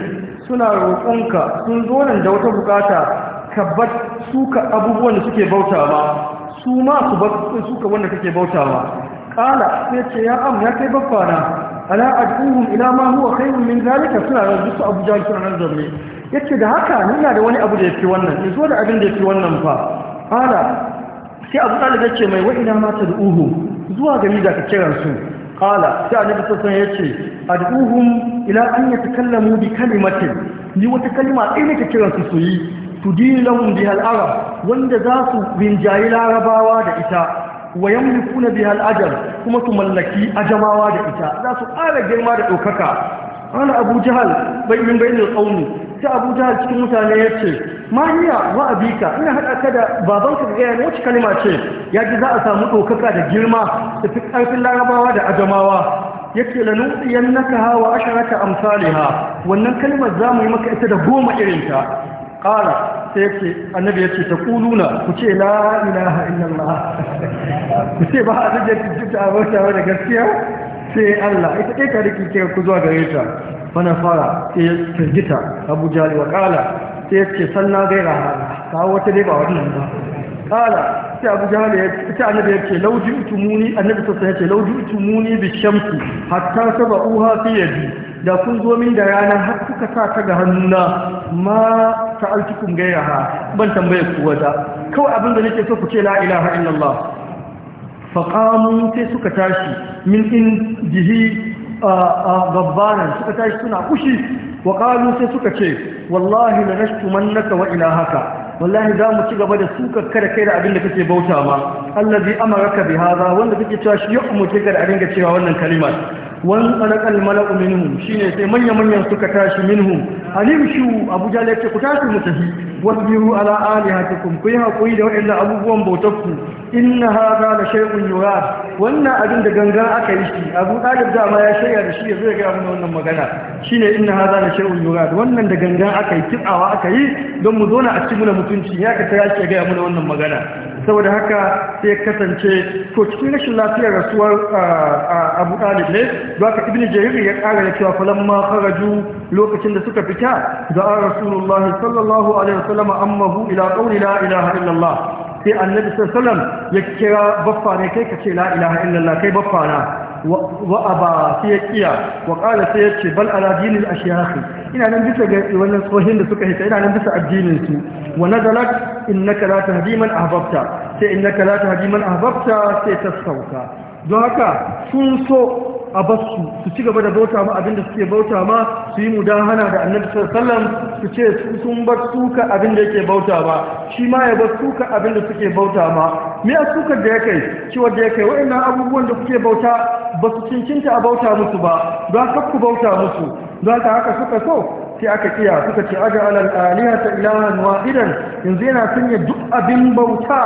suna roƙonka sun zo nan da wata bukata ka bar suka abubuwan da suke bauta ba su ma su bar suka wanda kake bauta ba. kala sai ce ya am ya kai babbana ala ad'uhum ila ma huwa khayrun min zalika suna da su abu jahil suna nan zabe yace da haka nuna da wani abu da yake wannan in zo da abin da yake wannan fa kala sai abu talib ce mai wa ina ma duhu zuwa gari da ka kiran su kala sai annabi sallallahu alaihi wasallam yace ad'uhum ila an yatakallamu bi kalimatin ni wata kalma ɗaya nake kiran su su yi tudilahum bihal arab wanda za su rinjayi larabawa da ita wa na bihal ajam kuma su mallaki ajamawa da ita za su ƙara girma da ɗaukaka ana abu jahal bai min bayanin tsauni ta abu har cikin mutane ya ce maniya wa abika ina haɗa ka da babanka ga gaya wacce kalima ce ya ji za a samu ɗaukaka da girma da fi ƙarfin larabawa da ajamawa yake la nutsiyan naka hawa asharata amsaliha wannan kalimar za mu yi maka ita da goma irinta ƙara sai yake annabi ya ce ta kuluna ku ce la ilaha illallah ku ce ba a da cikin ta bauta da gaskiya sai Allah ita ɗaya ka ke kira ku zuwa gare ta mana fara sai ya firgita abu jali wa ƙala sai ya ce sanna gaira kawo wata dai ba wannan ba ƙala sai abu jahal ya ce annabi ya ce lauji utumuni annabi sosai ya ce lauji utumuni bi shamsi hatta saba'uha fi yadi da kun zo min da rana har kuka sa ta ga hannuna ma ta'altukum gairaha ban tambaye ku wata kawai abin da nake so ku ce la ilaha illallah faqamu sai suka tashi min in jihi gabbanan suka tashi suna kushi wa qalu sai suka ce wallahi la nashtumannaka wa ilahaka wallahi za mu ci gaba da suka kada kai da abin da kake bauta ma allazi amaraka bi hadha wanda kake cewa shi ya umurce ka da abin cewa wannan kalimar wani tsanakal mala'u minhum shi ne sai manya-manyan suka tashi minhu halim shu abuja ya ce ku tashi mu tafi wasbiru ala alihatikum ku yi haƙuri da waɗannan abubuwan bautarku inna hadha la shay'un yurad wannan abin da gangan aka yi shi abu talib da ma ya shirya da shi ya zai gaya mana wannan magana shine na hadha da shay'un yurad wannan da gangan aka yi kitsawa aka yi don mu zo na a cikin mutunci ya ka shi ya gaya mana wannan magana saboda haka sai kasance to cikin rashin lafiyar rasuwar abu ɗalib ne za ka ibn jarir ya ƙara da cewa ma faraju lokacin da suka fita da an rasulullahi sallallahu alaihi wasallam Hu, ila qawli la ilaha illallah sai annabi sallallahu alaihi wasallam ya kira baffa ne kai ka ce la ilaha illallah kai baffa na Wa'aba aba sai ya kiya wa qala sai ya ce bal ala dinil ashyakh ina nan bisa ga wannan tsohin da suka hita ina nan bisa addinin su wa nazalat innaka la tahdi man ahbabta sai innaka la tahdi man ahbabta sai ta sauka don haka sun so a basu su ci gaba da bauta ma abinda da suke bauta ma su yi mudahana da annabi sallallahu su ce sun bar suka abin da yake bauta ba shi ma ya bar suka abin suke bauta ma me a sukar da ya kai wanda da ya kai wa'annan abubuwan da kuke bauta ba su cincinta a bauta musu ba don ku bauta musu don ta haka suka so sai aka kiya suka ce aga alal ta ilahan wahidan yanzu yana sanya duk abin bauta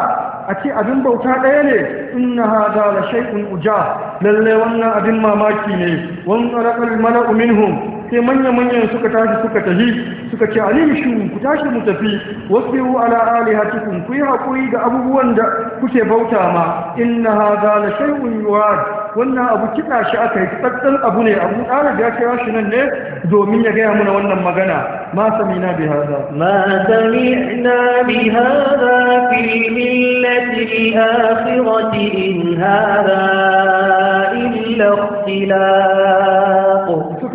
a ce abin bauta ɗaya ne inna hada la shay'un uja lalle wannan abin mamaki ne wan qaraqal mala'u minhum sai manya-manyan suka tashi suka tahi suka ce alim shu ku tashi mu tafi wasbiru ala alihatikum ku yi haƙuri da abubuwan da kuke bauta ma inna haza na shan yurad wannan abu kiɗa shi aka yi tsatsan abu ne abu ƙara ya kira shi nan ne domin ya gaya muna wannan magana ma samina bi hadha ma sami'na bi hadha fi millati akhirati in hadha illa ikhtilaf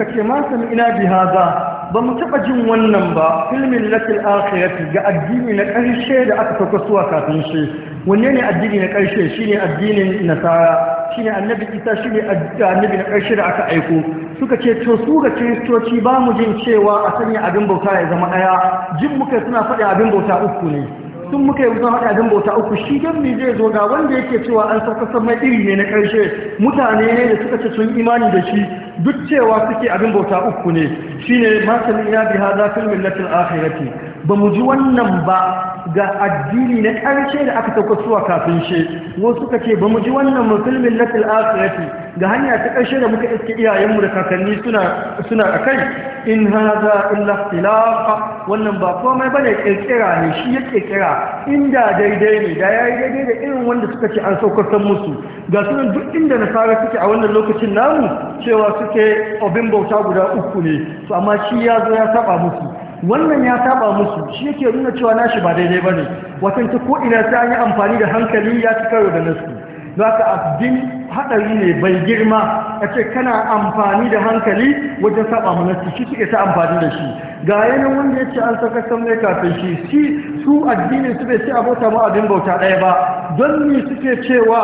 suka ce ma ina bi haza ba mu taɓa jin wannan ba filmin latil akhirati ga addini na ƙarshe da aka sauka kasuwa kafin shi wanne ne addini na ƙarshe shine addinin nasara shine annabi isa shine annabi na ƙarshe da aka aiko suka ce to su ga kristoci ba mu jin cewa a sanya abin bauta ya zama daya jin muka suna faɗi abin bauta uku ne sun muka yi zama abin bauta uku shi don me zai zo ga wanda yake cewa an sauka mai iri ne na ƙarshe mutane ne da suka ce sun imani da shi duk cewa suke abin bauta uku ne shine masanin ya bi hada fil millatil akhirati ba mu ji wannan ba ga addini na ƙarshe da aka sauka suwa kafin shi wasu suka ce ba mu ji wannan musulmin na fil'asirati ga hanya ta ƙarshe da muka iske iyayenmu da kakanni suna a kai in haza illa filafa wannan ba komai ba ne ƙirƙira ne shi ya ƙirƙira inda daidai ne da ya yi daidai da irin wanda suka ce an saukar san musu ga sunan duk inda nasara suke a wannan lokacin namu cewa su suke abin bauta guda uku ne su amma shi ya zo ya saba musu wannan ya saba musu shi yake nuna cewa nashi ba daidai ba ne watan ta ko ina sai an yi amfani da hankali ya ci karo da nasu za ka abdin haɗari ne bai girma a ce kana amfani da hankali wajen saba su shi suke ta amfani da shi ga yana wanda ya ce an saka mai kafin shi shi su addini su bai ce abota ma abin bauta ɗaya ba don ni suke cewa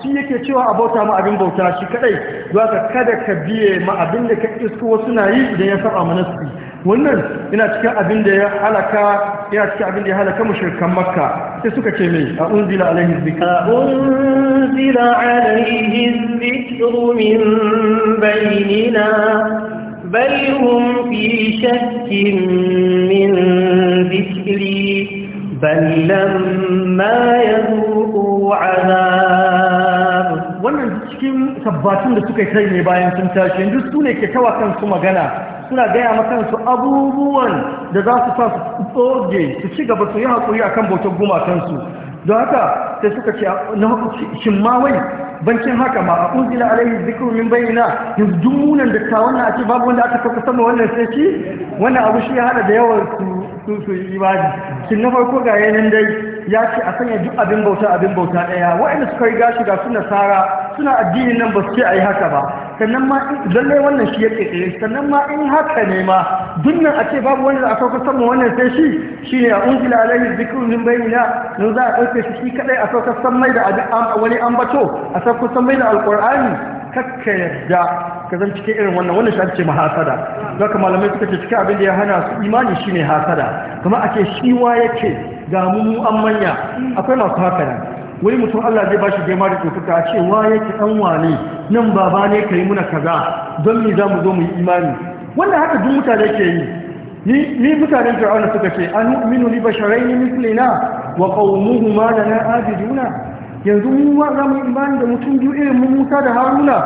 shi yake cewa abota ma abin bauta shi kadai za ka kada ka biye ma abin da ka isko wasu na yi idan ya saba su wannan ina cikin abin da ya halaka ya cikin abin da ya halaka mushrikan makka sai suka ce mai a unzila alaihi zikr unzila alaihi zikr min bainina bal hum fi shakkin min zikri bal lamma yazuqu azab wannan cikin sabbatun da suka yi ne bayan sun tashi yanzu su ne ke kawa su magana suna gaya makansu abubuwan da za su sa su tsoge su ci gaba su yi haƙuri a kan bautar gumakansu don haka sai suka ce na shin ma wai bankin haka ma a ƙungiyar alaihi zikru min bayyana yanzu duk da dattawan na a ce babu wanda aka kafa sama wannan sai shi wannan abu shi ya hada da yawan su su imani shin na farko ga yanin dai ya ce a sanya duk abin bauta abin bauta ɗaya wa'anda suka yi gashi ga su nasara, suna addinin nan ba su ce a yi haka ba sannan ma zalle wannan shi ya ƙeƙe sannan ma in haka ne ma dunnan a ce babu wanda a sauka sama wannan sai shi ne a unzila alaihi zikrun min bainina nun za a ɗauke shi shi kadai a sauka sama da wani ambato a saukar sama da Alƙur'ani? kakka yadda ka zan cikin irin wannan wannan shi ake mahasada zaka malamai suka ce cikin abin da ya hana su imani ne hasada kuma ake shiwa yake ga an manya akwai masu haka ne wani mutum Allah zai bashi girma da ɗaukaka a ce wa yake ɗan wane nan baba ne ka yi muna kaza don mi za mu zo mu yi imani wanda haka duk mutane ke yi ni mutanen fir'auna suka ce an minu li basharaini mislina wa qaumuhuma lana abiduna yanzu mu za mu imani da mutum biyu irin mu Musa da Haruna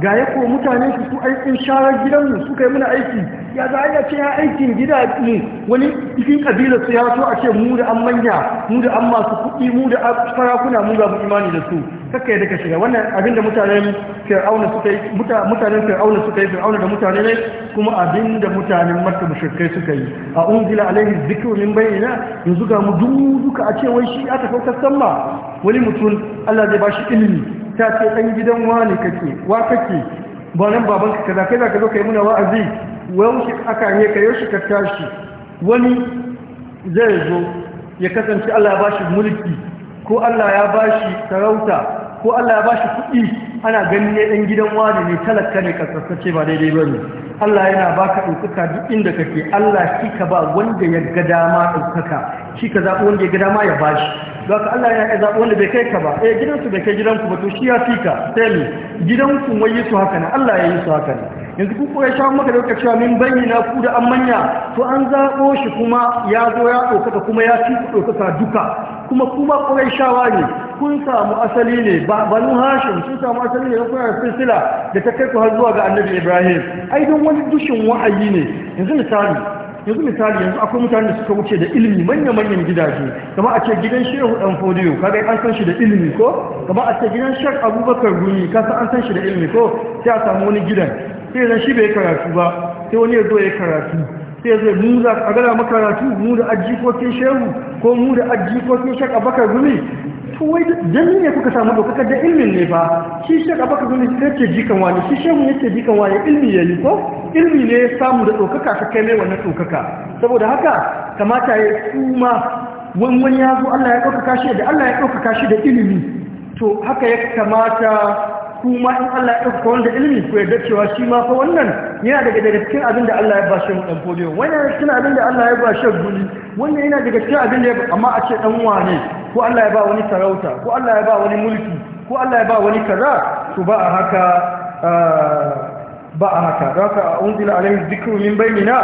ga ya ko mutane su su aikin sharar mu suka yi mana aiki ya za a ce ya aikin gida ne wani cikin kabilar su ya so a ce mu da an manya mu da an masu kuɗi mu da sarakuna mu ga mu imani da su kakkai da ka shiga wannan abin da mutanen fir'auna suka yi mutanen fir'auna suka yi fir'auna da mutane ne kuma abin da mutanen makka mushrikai suka yi a unzila alaihi zikru min bayyana yanzu ga mu duka a ce wai shi aka saukar sama wani mutum Allah zai bashi ilimi ta ce dan gidan wani kake wa kake ba nan baban ka kaza kai zaka zo kai muna wa'azi wai shi aka ne kai shi ka tashi wani zai zo ya kasance Allah ya bashi mulki ko Allah ya bashi sarauta ko Allah ya bashi kuɗi ana gani ne ɗan gidan wani ne talaka ne kasance ba daidai ba ne Allah yana baka ɗaukaka duk inda kake Allah shi ka ba wanda ya ga dama ɗaukaka shi ka zaɓi wanda ya ga dama ya bashi za ka Allah ya zaɓi wanda bai kai ka ba eh gidansu bai kai gidanku ba to shi ya fi ka sai ne gidanku wai yi su haka ne Allah ya yi su haka ne yanzu kuku ya sha maka da cewa min bayyana ku da an manya to an zaɓo shi kuma ya zo ya ɗaukaka kuma ya ci ɗaukaka duka kuma kuma ƙwarai shawa ne kun samu asali ne ba banu hashin sun samu asali ne kuna silsila da ta kai ku har zuwa ga annabi ibrahim ai don wani dushin wa'ayi ne yanzu misali yanzu misali yanzu akwai mutane da suka wuce da ilimi manya-manyan gidaje kama a ce gidan shehu dan fodiyo kaga an san shi da ilimi ko kama a ce gidan shek abubakar guni kasa an san shi da ilimi ko sai a samu wani gidan sai zan shi bai karatu ba sai wani ya zo ya karatu sai zai mu za a gana makaratu mu da ke shehu ko mu da ke shaka bakar gumi to wai jami ne kuka samu dokakar da ilmin ne ba shi shaka bakar gumi sai ce jikan wani shi shehu yake jikan wani ilmi ya yi ko ilmi ne ya samu da dokaka ka kai mai wannan dokaka saboda haka kamata ya kuma wani wani ya zo Allah ya ɗaukaka shi da Allah ya ɗaukaka shi da ilimi to haka ya kamata kuma in Allah ya ɗauka wanda ilimi ku yarda cewa shi ma fa wannan yana daga daga cikin abin da Allah ya ba shi ɗan fodiyo wani yana cikin abin da Allah ya ba shi guli wannan yana daga cikin abin da ya amma a ce ɗan wane ko Allah ya ba wani sarauta ko Allah ya ba wani mulki ko Allah ya ba wani kaza to ba a haka ah, ba a haka za ka unzila alayhi zikru min bainina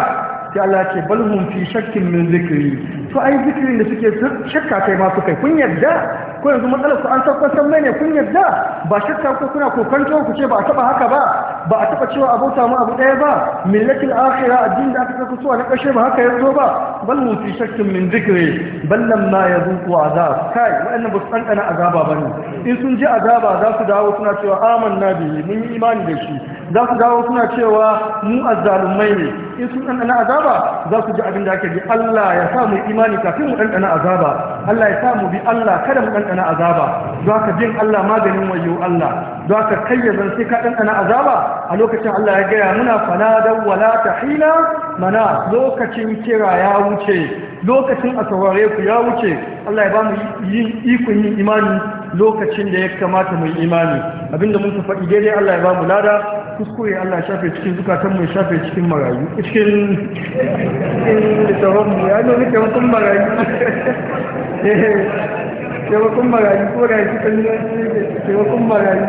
sai Allah ce bal hum fi shakkin min zikri to ai zikirin da suke shakka kai ma suka kun yarda ko yanzu matsalar ku an tabbatar mai ne kun yarda ba shakka ku kuna kokanto ku ce ba a taba haka ba ba a taba cewa abota mu abu daya ba millatil akhira addini da aka saka na kashe ba haka yazo ba bal mu fi shakkin min zikri bal lamma yazuqu azab kai wa'annan ba su tsantsana azaba bane in sun ji azaba za su dawo suna cewa amanna bihi mun yi imani da shi za su dawo suna cewa mu azzalumai ne in sun ɗanɗana azaba za su ji abin da ake bi Allah ya sa mu imani kafin mu ɗanɗana azaba Allah ya sa mu bi Allah kada mu ɗanɗana ana azaba don ka jin Allah maganin wayo Allah za ka kai ya zan sai ka ana azaba a lokacin Allah ya gaya muna fanadan wala ta hila mana lokacin kira ya wuce lokacin a ku ya wuce Allah ya ba mu yin ikon yin imani lokacin da ya kamata mu yi imani abinda mun faɗi daidai Allah ya ba mu lada kuskure Allah shafe cikin zukatan mu ya shafe cikin marayu cikin cikin mu ya nuna kamar marayu eh, taimakon marayu ko da yake kan yi taimakon marayu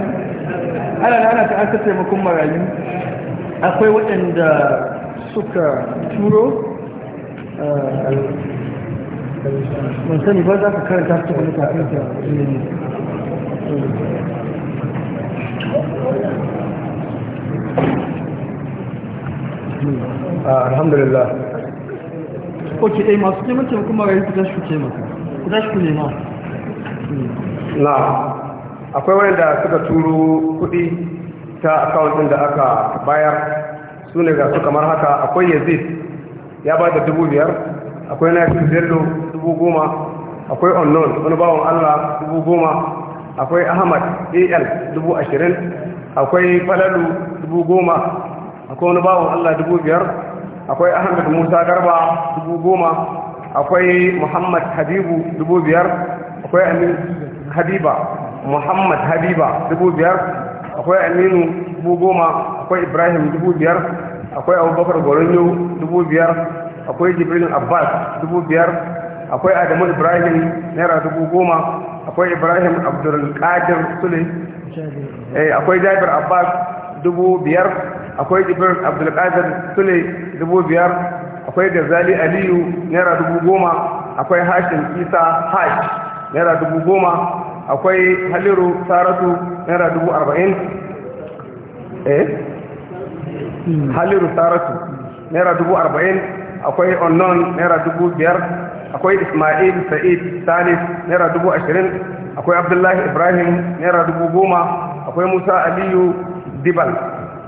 ana na ana ta'asa taimakon marayu akwai waɗanda suka turo mun eh, sani ba za ka karanta su wani kafin ta ah, alhamdulillah ok dai eh, masu taimakon marayu ku tashi ku taimaka ku tashi ku nema na akwai wanda suka turo kuɗi ta akawuntin da aka bayar su ne ga su kamar haka akwai yazid ya ba da dubu biyar akwai nafi zello dubu goma akwai unknown wani bawon allah dubu goma akwai ahmad al dubu ashirin akwai falalu dubu goma akwai wani bawon allah dubu biyar akwai ahmad musa garba dubu goma akwai muhammad habibu dubu biyar akwai aminu habiba muhammad habiba dubu biyar akwai aminu dubu goma akwai ibrahim dubu biyar akwai abubakar goronyo dubu biyar akwai jibril abbas dubu biyar akwai adamu ibrahim naira dubu goma akwai ibrahim abdulkadir sule eh, akwai jabir abbas dubu biyar akwai jibril abdulkadir sule dubu biyar akwai gazali aliyu naira dubu goma akwai hashin isa hajj naira dubu goma akwai haliru saratu naira dubu arba'in eh haliru saratu naira dubu arba'in akwai onnon naira dubu biyar akwai ismail sa'id salis naira dubu ashirin akwai abdullahi ibrahim naira dubu goma akwai musa aliyu dibal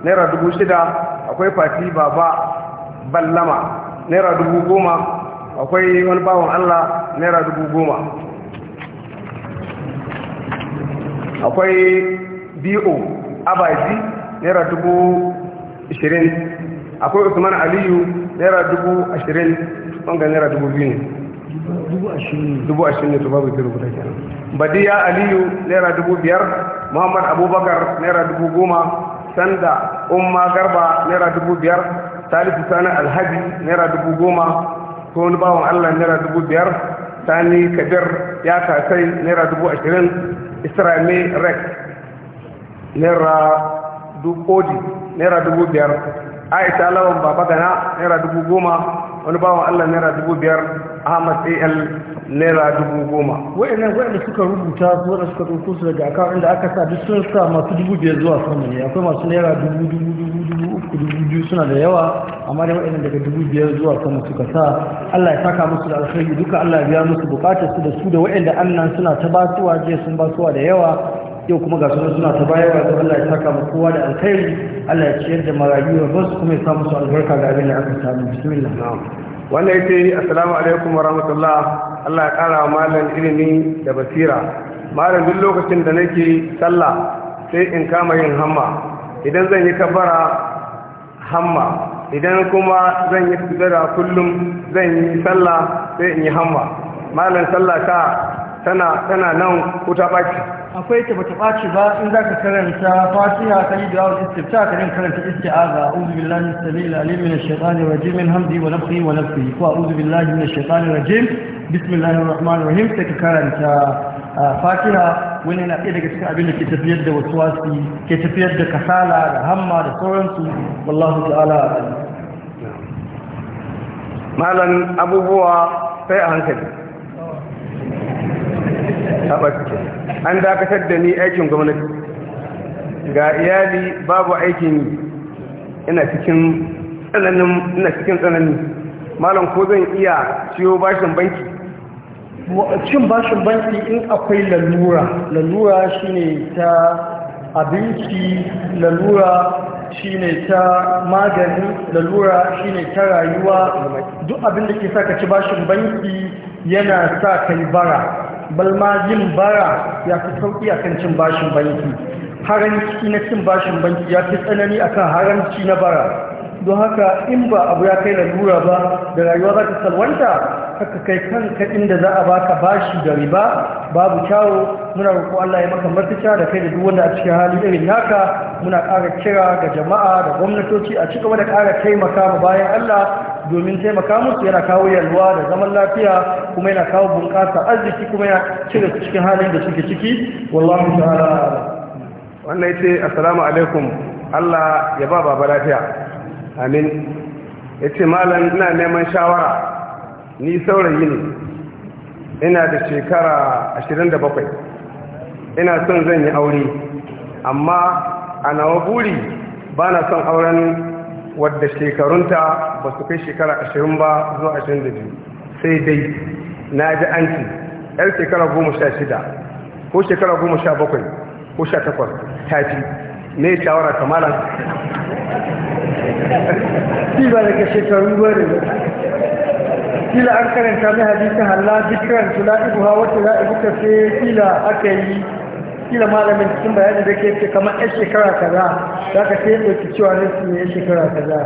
naira dubu shida akwai fati baba ballama naira dubu goma akwai wani bawon allah naira dubu goma akwai bo abaji naira dubu ashirin akwai usman aliyu naira dubu ashirin ɓangar naira dubu biyu ne dubu ashirin ne to babu zai rubuta kenan badiya aliyu naira dubu biyar muhammad abubakar naira dubu goma sanda umma garba naira dubu biyar salisu sani alhaji naira dubu goma ko wani bawon allah naira dubu biyar sani kabir ya tasai naira dubu ashirin isra'ami rex naira odi naira dubu biyar aisha lawan baba gana naira dubu goma wani bawan allah naira dubu biyar ahmad al naira dubu goma wa'annan wa'anda suka rubuta su wanda suka ɗauko su daga akawun da aka sa duk sun sa masu dubu biyar zuwa sama ne akwai masu naira dubu dubu dubu dubu uku dubu biyu suna da yawa amma dai wa'annan daga dubu biyar zuwa sama suka sa allah ya saka musu da alkhairi duka allah ya biya musu bukatar su da su da wa'anda annan suna ta basuwa jiya sun basuwa da yawa yau kuma ga sunan suna ta bayarwa da Allah ya saka mu kowa da alkhairi Allah ya ciyar da marayu da basu kuma ya samu su albarka ga abin da aka samu bismillah wannan yace assalamu alaikum warahmatullah Allah ya kara wa malam ilimi da basira malam duk lokacin da nake sallah sai in kama yin hamma idan zan yi kabbara hamma idan kuma zan yi sujada kullum zan yi sallah sai in yi hamma malam sallah ta tana tana nan ko ta baki akwai ta bata ɓaci ba in za ka karanta fatiha ka yi da'awar istifta ka rin karanta isti'aza a'udhu billahi as-samil alim min ash-shaytanir rajim min hamdi wa nafsi wa nafsi, ko a'udhu billahi min ash-shaytanir rajim bismillahir rahmanir rahim sai ka karanta fatiha wani na ɗaya daga cikin abin da ke tafiyar da waswasi ke tafiyar da kasala da hamma da sauransu wallahu ta'ala malam abubuwa sai a hankali an dakatar da ni aikin gwamnati ga iyali babu aikin ina cikin tsananin ina cikin tsanani malam ko zan iya ciyo bashin banki cin bashin banki in akwai lalura lalura shine ta abinci lalura shine ta magani lalura shine ta rayuwa duk abin da ke sa ka ci bashin banki yana sa kai bara balma jin bara ya fi sauƙi a kan cin bashin banki haranci na cin bashin banki ya fi tsanani a kan haranci na bara don haka in ba abu ya kai lalura ba da rayuwa za ta salwanta haka kai kan kaɗin inda za a baka bashi da riba babu kyawo muna roƙo Allah ya maka mafita da kai da duk wanda a cikin hali irin naka muna ƙara kira ga jama'a da gwamnatoci a cikin da ƙara taimaka ma bayan Allah domin taimaka musu yana kawo yalwa da zaman lafiya kuma yana kawo bunƙasa arziki kuma ya cire su cikin halin da suke ciki wallahi ta'ala wannan yace assalamu alaikum Allah ya ba baba lafiya amin yace malam ina neman shawara ni saurayi ne ina da shekara 27 ina son zan yi aure amma a nawa buri ba na son auren wadda shekarunta ba su kai shekara ashirin ba zuwa ashirin da biyu sai dai na ji an ce yar shekara goma sha shida ko shekara goma sha bakwai ko sha takwas ta ci ne shawara kamala shi ba daga shekaru gwari kila an karanta mai hadisin halla dukkan su la'ibu hawa ta la'ibu kafe kila aka yi kila malamin cikin bayanin da ke ce kamar yan shekara kaza za ka sai ɗauki cewa ne su yan shekara kaza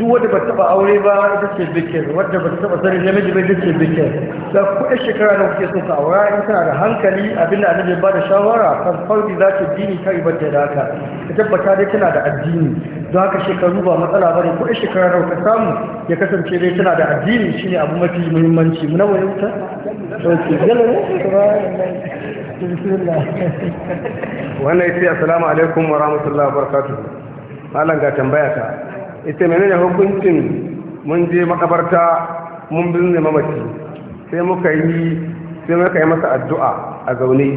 duk wadda ba taɓa aure ba ita ce bikin, wadda ba taɓa sanin namiji ba ita ce bikin. da ku yan shekara na kuke so ka aura in tana da hankali abin da annabi ba da shawara kan fardi za ta dini kar ibata da haka ka tabbata dai kana da addini don haka shekaru ba matsala ba ne ko yan shekara na ka samu ya kasance dai tana da addini shine abu mafi muhimmanci mu nawa ya wuta? wannan ya assalamu alaikum wa rahmatullahi wa barakatuh malam ga tambaya ta ita menene hukuncin mun je makabarta mun binne mamaci sai muka yi sai muka yi masa addu'a a zaune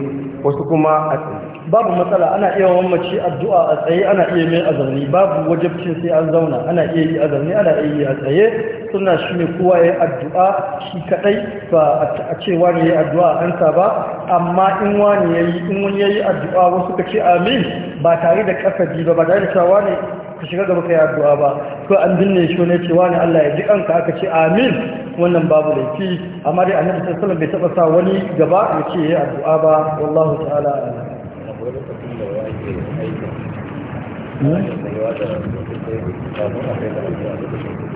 wasu kuma a tsaye babu matsala ana iya mamaci addu'a a tsaye ana iya mai zaune. babu wajabcin sai an zauna ana iya yi a zaune ana iya yi a tsaye suna shi ne kowa ya addu'a shi kadai ba a ce wani ya addu'a an hanta ba amma in wani ya yi addu'a wasu ka ce amin ba tare da ji ba ba tare da cewa ne ka shiga gaba kai addu'a ba ko an binne shi ne cewa ne Allah ya ji kanka aka ce amin wannan babu laifi amma dai annabi sallallahu alaihi wasallam bai taba sa wani gaba ya ce ya addu'a ba wallahu ta'ala hmm?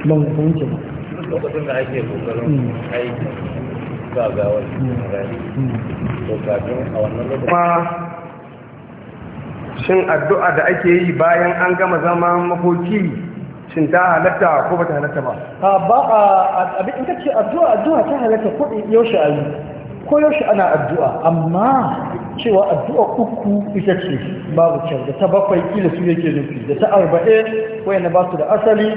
ban fahimci ba lokacin da ake kokarin hmm. aiki ga gawar rani hmm. to kafin a wannan lokacin shin addu'a da ake yi bayan an gama zaman makoki shin ta halatta ko ba ta halatta ba ha ba a abin ce addu'a addu'a ta halatta ko yaushe a yi ko yaushe ana addu'a amma cewa addu'a uku ita ce babu kyau da ta bakwai kila su yake nufi da ta arba'e wayanda ba su da asali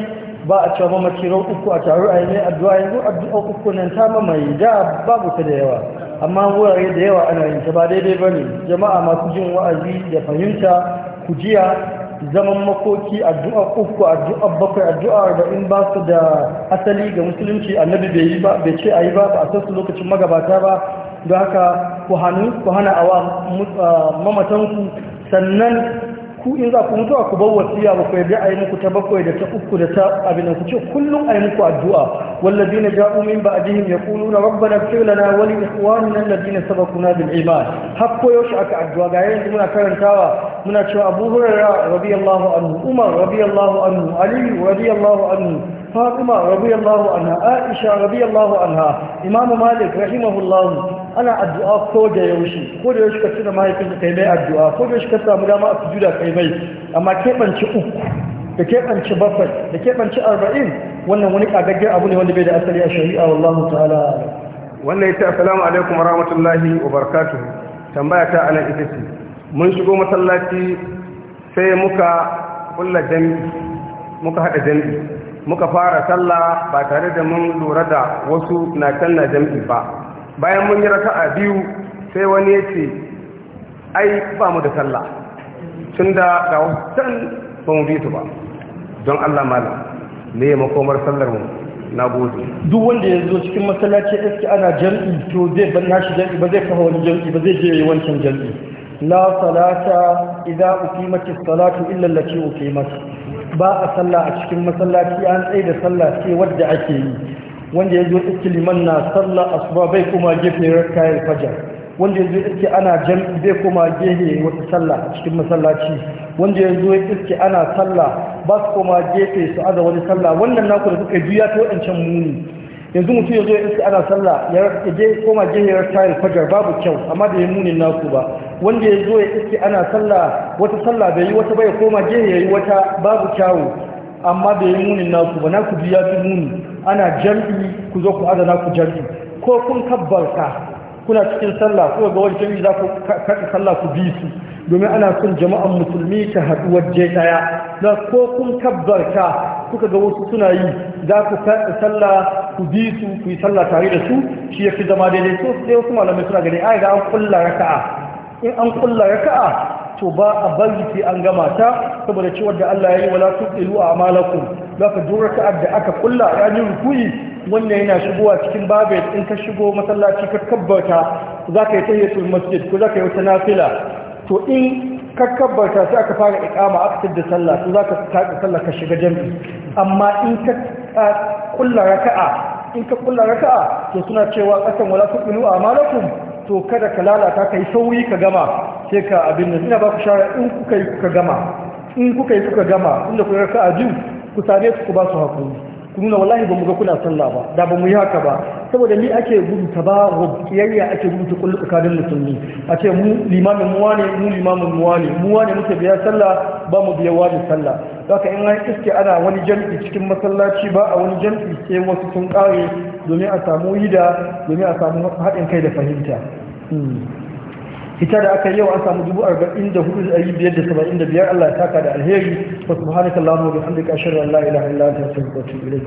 ba a cewa mamaci uku a taru a yi addu'a yanzu addu'a uku nan ta mamaye da babu ta da yawa amma wurare da yawa ana yin ta ba daidai ba ne jama'a masu jin wa'azi da fahimta ku jiya zaman makoki addu'a uku addu'a bakwai addu'a da in ba su da asali ga musulunci annabi bai yi ba bai ce ayi ba ba a san lokacin magabata ba don haka ku hana awa mamatanku sannan ku in za ku mutuwa ku bar wasiya ba ku yarda a yi muku ta bakwai da ta uku da ta abin ku ce kullum a yi muku addu'a wallazina ja'u min ba'dihim yaquluna rabbana ighfir lana wa li ikhwanina alladhina sabaquna bil iman har ko yaushe aka addu'a ga yanzu muna karantawa muna cewa Abu Hurairah radiyallahu anhu Umar radiyallahu anhu Ali radiyallahu anhu fatima radiyallahu anha aisha radiyallahu anha imam malik rahimahullahu ana addu'a ko da yaushe ko da yaushe ka tuna mahaifinka kai mai addu'a ko da yaushe ka samu dama a sujuda kai mai amma keɓance uku da keɓance bakwai da keɓance arba'in wannan wani kagaggen abu ne wanda bai da asali a shari'a wallahu ta'ala wannan ya ce assalamu alaikum wa rahmatullahi wa barakatuhu tambaya ta anan ita ce mun shigo masallaci sai muka kulla jami'i muka haɗa jami'i muka fara sallah ba tare da mun lura da wasu na can na jam'i ba bayan mun yi raka'a biyu sai wani ya ce ai ba mu da sallah tun da ga wasu ba mu bi su ba don Allah malam ya makomar sallar mu na gode duk wanda ya zo cikin masallaci aski ana jam'i to zai bar nashi jam'i ba zai kafa wani jam'i ba zai je wancan jam'i la salata idza uqimatis salatu illa allati uqimat ba a sallah a cikin masallaci an tsaye da sallah ce wadda ake yi wanda ya zo iske liman na sallah asuba bai kuma gefe kayan fajar wanda ya zo iske ana jam'i bai kuma gefe wata sallah a cikin masallaci wanda ya zo iske ana sallah ba su kuma gefe su aza wani sallah wannan naku da suka biya ta waɗancan muni yanzu mutum ya zo iske ana sallah ya je koma gefe kayan fajar babu kyau amma da ya munin naku ba wanda ya zo ya iske ana sallah wata sallah bai yi wata bai koma gehe ya yi wata babu kyawu amma bai yi munin naku ba naku biya fi muni ana jam'i ku zo ku adana ku jam'i ko kun kabbalka kuna cikin sallah ko ga wani jami'i za ku kaɗa sallah ku bi su domin ana son jama'an musulmi ta haɗu waje ɗaya na ko kun kabbalka kuka ga wasu suna yi za ku kaɗa sallah ku bi su ku yi salla tare da su shi ya fi zama daidai so sai wasu malamai suna gani ai da an kulla raka'a in an kulla raka'a to ba a bari an gama ta saboda cewa da Allah ya yi wala su a tuqilu a'malakum zaka duk raka'ar da aka kulla ya ji rukuyi wannan yana shigowa cikin babu in ka shigo masallaci ka Za ka yi tahiyatul masjid ko za ka yi wata nafila to in ka kakkabarta sai aka fara ikama fitar da sallah to za zaka taka sallah ka shiga jam'i. amma in ka kullara raka'a in ka kullara raka'a to suna cewa kasan wala su tuqilu amalakum to kada ka lalata ka yi sauri ka gama sai ka abin da. ina ba ku in kuka yi kuka gama in kuka yi kuka gama inda ku raka ajin ku same su ku ba su hakuri ku nuna wallahi ba mu ga kuna sallah ba da ba mu yi haka ba saboda ni ake gudu ta ba kiyayya ake gudu ta kullu tsakanin musulmi a ce mu limamin mu ne? mu limamin mu ne? mu ne muke biya sallah ba mu biya wani sallah haka in an iske ana wani jam'i cikin masallaci ba a wani jam'i sai wasu sun kare domin a samu yida domin a samu haɗin kai da fahimta ita da aka yau an samu dubu arba'in da hudu da ayi biyar da saba'in da biyar Allah ya taka da alheri wasu subhanaka Allahumma wa bihamdika ashhadu an la ilaha illa anta astaghfiruka wa